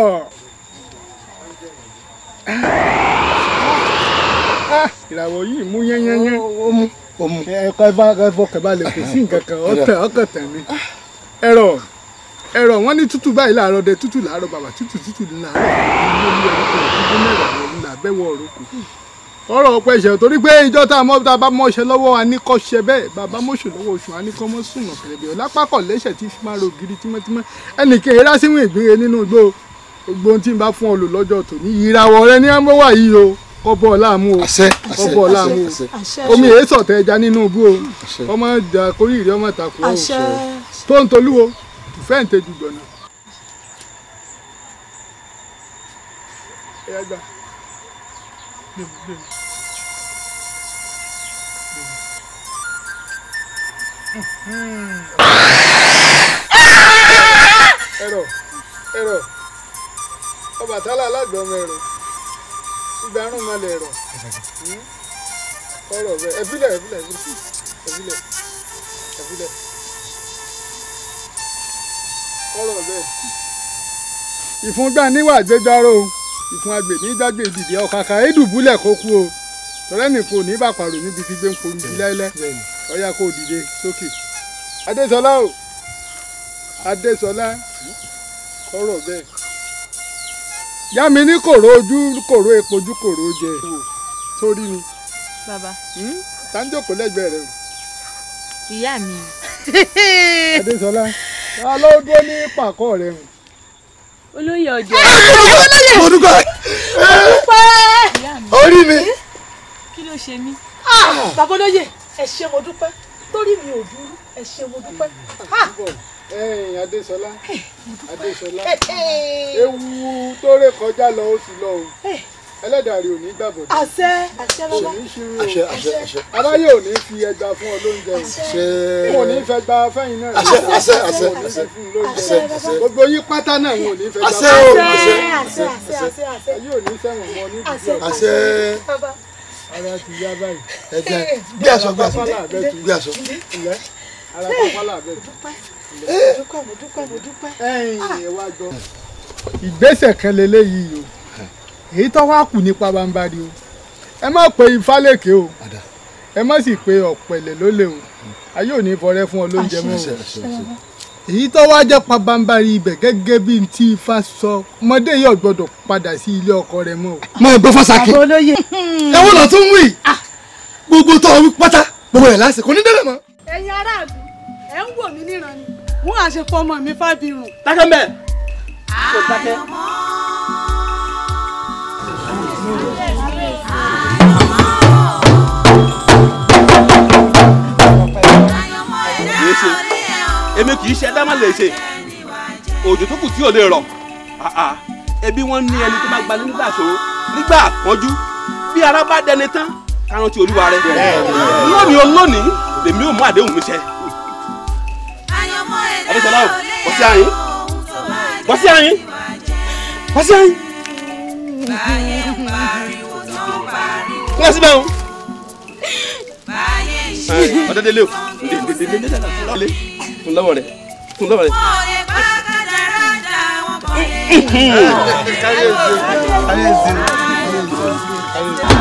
ìràwọ̀ yìí mú yẹ́nyẹ́nyẹ́ ó mú ó ẹ̀ka ẹ̀fọ́ kẹbalẹ̀ kò sí nǹkan kan ọ̀tẹ̀ ọ̀kẹ̀tẹ̀ mi ẹ̀rọ ẹ̀rọ wọn ní tútù báyìí láàárọ̀ dẹ tútù láàárọ̀ bàbá tútù tútù láàárọ̀ ìlú ẹ̀rọ ìdílé mẹ́rọ ọ̀hún làbẹ́wọ̀ ọ̀rọ̀ kù. ọ̀rọ̀ ọ̀pọ̀ ẹ̀ṣẹ̀ torí pé ìjọ tá a mọ̀ tá a bá mọ̀ṣẹ́ lọ́wọ́ wa ní kọ́ ṣe bẹ́ẹ̀ bàbá mọ̀ṣẹ́ lọ́wọ́ oṣù wa ní kọ́ mọ́ sùn náà fẹ̀rẹ̀ bẹ̀rẹ̀ lápákọ̀ lẹ́ṣẹ̀ tí fi máa ro gidi tímọ́tímọ́ ẹnì kejì rásíwìn ìgbére nínú igbó gbogbo ohun tí n bá fún ọ lò lọ́jọ́ tòní ìràwọ̀ rẹ ní àmọ́wá yìí o kọ́bọ̀ láàmú o kọ́bọ̀ láàmú o omi èyí sọ̀tẹ̀ ẹja nínú ibú o ọmọ ìjà kórìí rí ọmọ ìtàkùn o tó ń tolú o ìfẹ́ ń tẹ́jú gbọ̀nà. ẹ̀rọ ẹ̀rọ Ọbàtálá alágbọ̀n ìgbàrún malẹ̀ rọ̀ kọ́rọ̀ bẹ́ẹ̀ ẹ̀fílẹ̀ ẹ̀fílẹ̀ ẹ̀fílẹ̀ ẹ̀fílẹ̀ kọ́rọ̀ bẹ́ẹ̀. ìfúngbà níwà jẹjọrọ o ìfún agbè ní gbàgbé ìdìdì ọ̀kàkà édùbúlẹ̀ kó kú o tọ́lẹ́ nìkan ò ní bàpàrọ̀ níbi tí gbé ń polú bí láílẹ́ ọ̀yà kó dìde sókè. adésọlá o adésọlá kọ́rọ̀ bẹ́ẹ̀ yá mi ní kòró ojú kòró epo ojú kòró jẹ sórí mi. bàbá. Hmm? ta ń jókòó lẹ́gbẹ̀ẹ́ rẹ o. ìyá mi. adéṣọlá ta ló dúró ní pàkọ́ rẹ o. olóyè ọjọ́. olóyè ah, mo dúpẹ́. mo dúpẹ́. orí mi. kí ló ṣe mí. Ah, bàbá olóyè ẹ ṣé mo dúpẹ́ torí mi ò dúró ẹ ṣé mo dúpẹ́. Ah, ẹyìn adéṣọlá adéṣọlá ewu tó ré kọjá lọ ó sì lọ o ẹlẹ́dàrí ò ní gbàgbọ́ àṣẹ àṣẹ bàbá òní ṣírú o àṣẹ àṣẹ àṣẹ aráyé ò ní fi ẹgbà fún ọ lóúnjẹ o àṣẹ wọn ò ní fẹ́ gba fẹ́yìn náà àṣẹ àṣẹ àṣẹ àṣẹ àṣẹ àṣẹ gbogbo yín pátá náà wọn ò ní fẹ́ gba àṣẹ o àṣẹ àṣẹ àṣẹ àṣẹ ayé ò ní sẹ́wọ̀n mọ́ ní ìdílé àṣẹ ara ti yá báyìí ẹ̀jẹ̀ gbé aṣọ gbé aṣọ gbé aṣọ ara pápá làbẹ́ tó mo dúpẹ́ mo dúpẹ́ mo dúpẹ́. ẹ̀yin ah. ẹ wá gbọ́ ìgbésẹ̀ kan leléyìí o èyí tó wá kù nípa bámbárí o ẹ má pe ifá lèkè o ẹ má sì pe ọ̀pẹ̀lẹ̀ lólè o a yóò ní fọrẹ́ fún ọ lóúnjẹ mọ́ o èyí tó wá jẹ́ pa bámbárí ibẹ̀ gẹ́gẹ́ bí n tí ifá sọ ọmọdé yìí ò gbọ́dọ̀ padà sí ilé ọkọ rẹ̀ mọ́ o. mo gbọ́ fọ́sàkì ẹ wọ́n lọ tún wí ah. gbogbo tó wí pátá gbogbo ẹ̀ lásìkò ní dẹ́rẹ́ mọ́. ẹ̀yin aráàlú ẹ̀ ń wò mí níran ni wọn à ṣe fọmọ mi fábìrún. dákẹ́ mbẹ́ kò dákẹ́. èmi kì í ṣe ẹ̀dá lè ṣe òjò tó kù tí ò lè rọ̀ ẹbí wọn ní ẹni tó bá gba nígbà ṣòro nígbà àpọ́njú bí ara bá dẹni tán kárán olúwa rẹ lónìí olónìí lèmi ò mú àdéhùn mi ṣẹ. Adéṣọlá o bọ́ sí àyín bọ́ sí àyín bọ́ sí àyín. báyẹ̀ ń pariwo tó ń pariwo. kúrò síbẹ̀ o. báyẹ̀ ń ṣe é tó ń gbọ́. fún lọ́wọ́ rẹ̀ fún lọ́wọ́ rẹ̀. ọ̀rẹ́ bá kàdára dà wọ́n bọ̀ lẹ́yìn.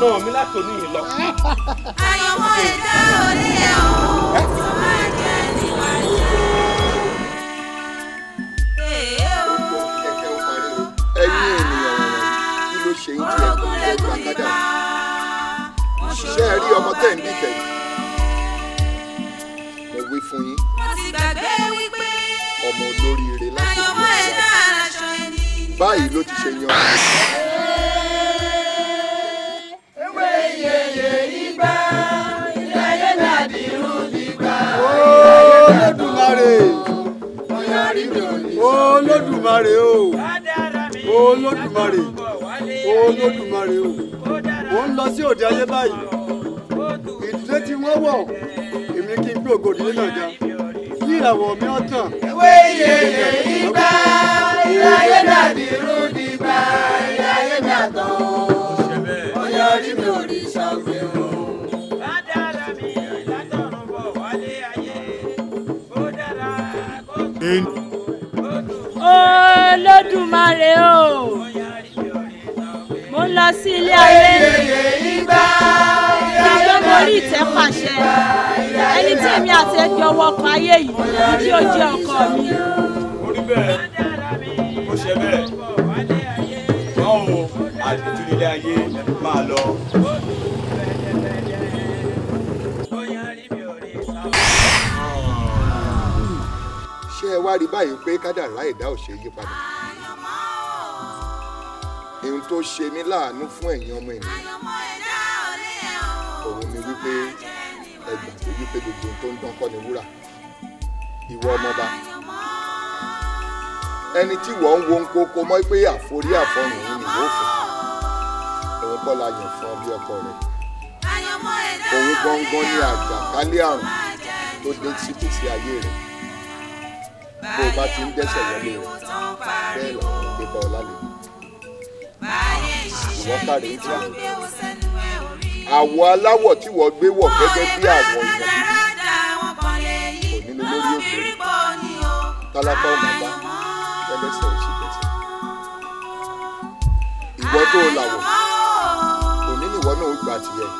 nà mí láti òní yìí lọ. àyànwó ẹ̀dá òní ẹ̀ o ṣe ń rí ọmọ tẹ̀ ń bí tẹ̀yìn mo wí fún yín. mo ti gbàgbé wípé ọmọ olóríire láti ìlú ọ̀la báyìí ló ti ṣe yan. olódùmarè o olódùmarè olódùmarè o ó ń lọ sí òde ayé báyìí ìdílé tí wọ́n wọ̀ èmi kí n gbé ògo ìdílé náà ga kí ìràwọ̀ mi ọ̀ tàn. ewé iyeye ìgbà ìlàyé dàbí rúdìgbà ìlàyé dàtọ̀. olódùmarè o mo ń lọ sí ilé ayé ìdájọ́ mórí ìtẹ́ pàṣẹ ẹni tí èmi àti ẹgbẹ́ ọwọ́ ọkọ̀ ayé yìí kí ó jẹ́ ọkọ mi. orí bẹ́ẹ̀ ó ṣe bẹ́ẹ̀ báwo àdìtú ilé ayé máa lọ. ẹ wá rí báyìí pé kádàrá ẹ̀dá ò ṣe é yí padà. ohun tó ṣe mí láàánú fún ẹ̀yin ọmọ ènìyàn òun ni wípé ẹgbà tó wípé gbogbo tó ń dán ni wúrà ìwọ ọmọba ẹni tí wọ́n ń wo ń kókó mọ́ pé àforí àfọrùn òun ni yóò fún òun kọ́ la yàn fún ọ ọkọ rẹ̀ òun gangan ni àjàkálẹ̀ àrùn tó dé síbi sí ayé rẹ̀ bó o bá ti ń dẹ́sẹ̀ wọlé o bẹ́ẹ̀ làwọn gbé bá ọ lálejò ìwọ káre ń jà àwọ̀ aláwọ̀ tí wọ́n gbé wọ̀ gẹ́gẹ́ bí àwọ̀ ìyàwó òní ni lórí òkè tálákà ọ̀nà bá òsì tẹ̀sẹ̀ ìwọ tó o làwọ̀ òní ni ìwọ náà ó gbà tiẹ̀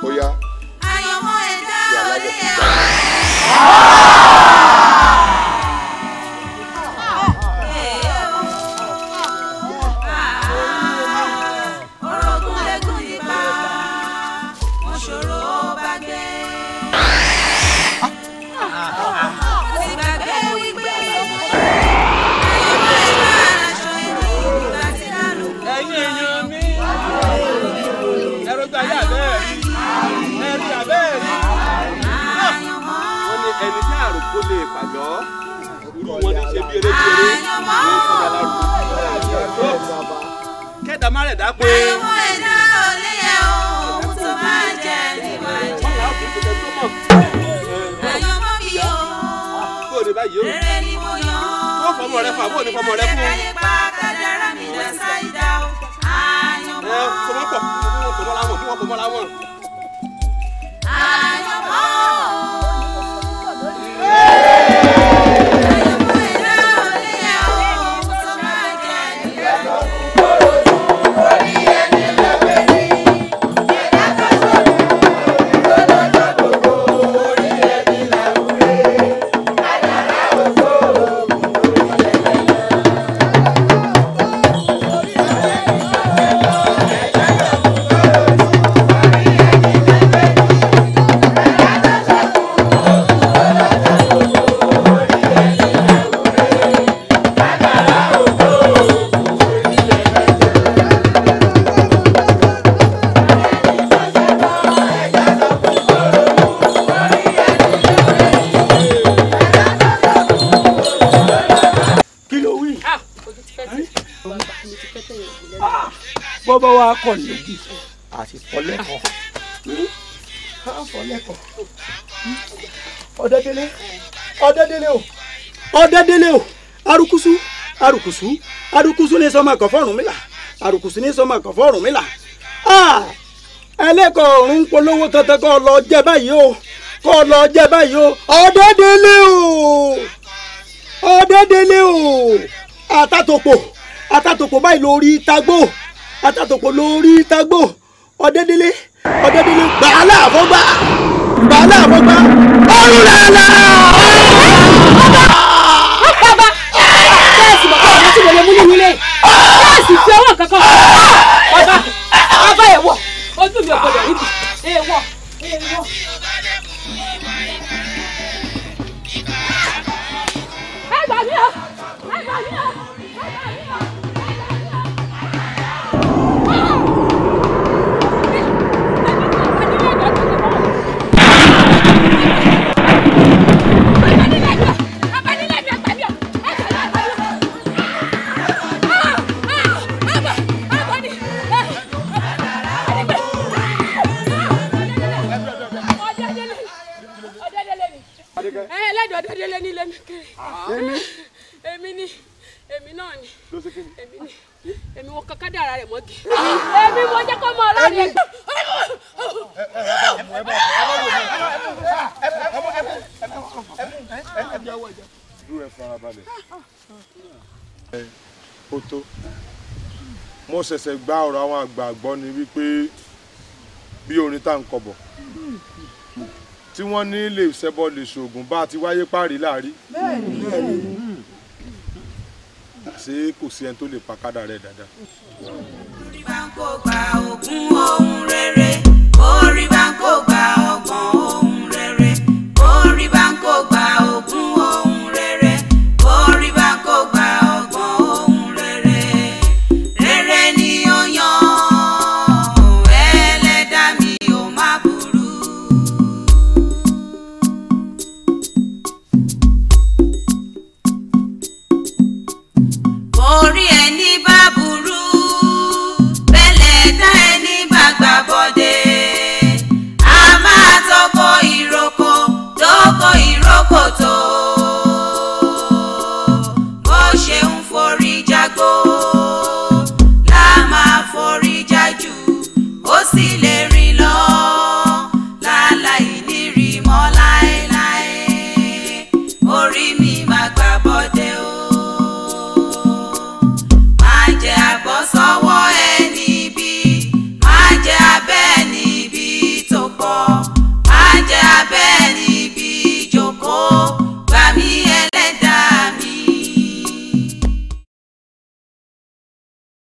bóyá ìyàwó ẹ̀ orí ẹ̀ wá. má rẹ̀ dá pé. àwọn ẹ̀dá ò lè yẹ ohun tó máa jẹ ní máa jẹ. àyàn mọ́ mi yọ. kó ni mo yọ. kó fọmọ rẹ fà bó o ní fọmọ rẹ fún. ìrẹ̀lẹ̀ pa kájára mi lọ sáyidá o. àyàn ẹ kọ́mọ́ pọ̀ kí wọ́n kọ́mọ́ láwọn kí kọ̀ lójú àti fọlẹ́kọ̀ọ́ fọlẹ́kọ̀ọ́ ọ̀dẹ́dẹ́lẹ́ ọ̀dẹ́dẹ́lẹ́ o ọ̀dẹ́dẹ́lẹ́ o arukusu arukusu arukusu ní sọmọ ẹ̀kọ́ fọ́ọ̀rùn mi là arukusu ní sọmọ ẹ̀kọ́ fọ́ọ̀rùn mi là ẹlẹ́kọ̀ọ́ ọ̀run polówó tẹ́tẹ́ kọ́ lọ jẹ báyìí o kọ́ lọ jẹ báyìí o ọ̀dẹ́dẹ́lẹ́ o ọ̀dẹ́dẹ́lẹ́ o àtàtòpò àtàtòpò báyìí lórí tagbó atàtòpọ̀ lórí tagbó ọ̀dẹ́dẹ́lé ọ̀dẹ́dẹ́lé bàálà àfọ́gbà bàálà àfọ́gbà ọ̀rùn làálà. bàbá kíláàsì bàbá ọ̀rọ̀ tí mo lè mú ní ilé kíláàsì fi ọwọ́ kankan bàbá bàbá ẹ̀wọ̀ ojú mi ọ̀gbọ̀dọ̀ níbi ẹ̀wọ̀ ẹ̀wọ̀. ẹ gbà mí o ẹ gbà mí o. Adélé ní ilé mi kiri. Ah, èmi. Èmi ni èmi náà ni. Ló ṣe kíni? Èmi ni èmi wọn kankan dé ara rẹ̀ mọ́gi. Èmi mo jẹ́ kó mọ ọlọ́run yẹn. Dúró ẹ fara balẹ̀. Ó tó. Mo ṣẹ̀ṣẹ̀ gba ọ̀rọ̀ àwọn àgbààgbọ́ ni wípé bí orin tá à ń kọ bọ̀ tí wọ́n ní lè ṣẹbọ lè ṣoògùn bá a ti wáyé párí láàrí. ṣé kò sí ẹni tó lè pa kádà rẹ̀ dáadáa. orí bá ń kó gba ògùn ohun rere orí bá ń kó gba.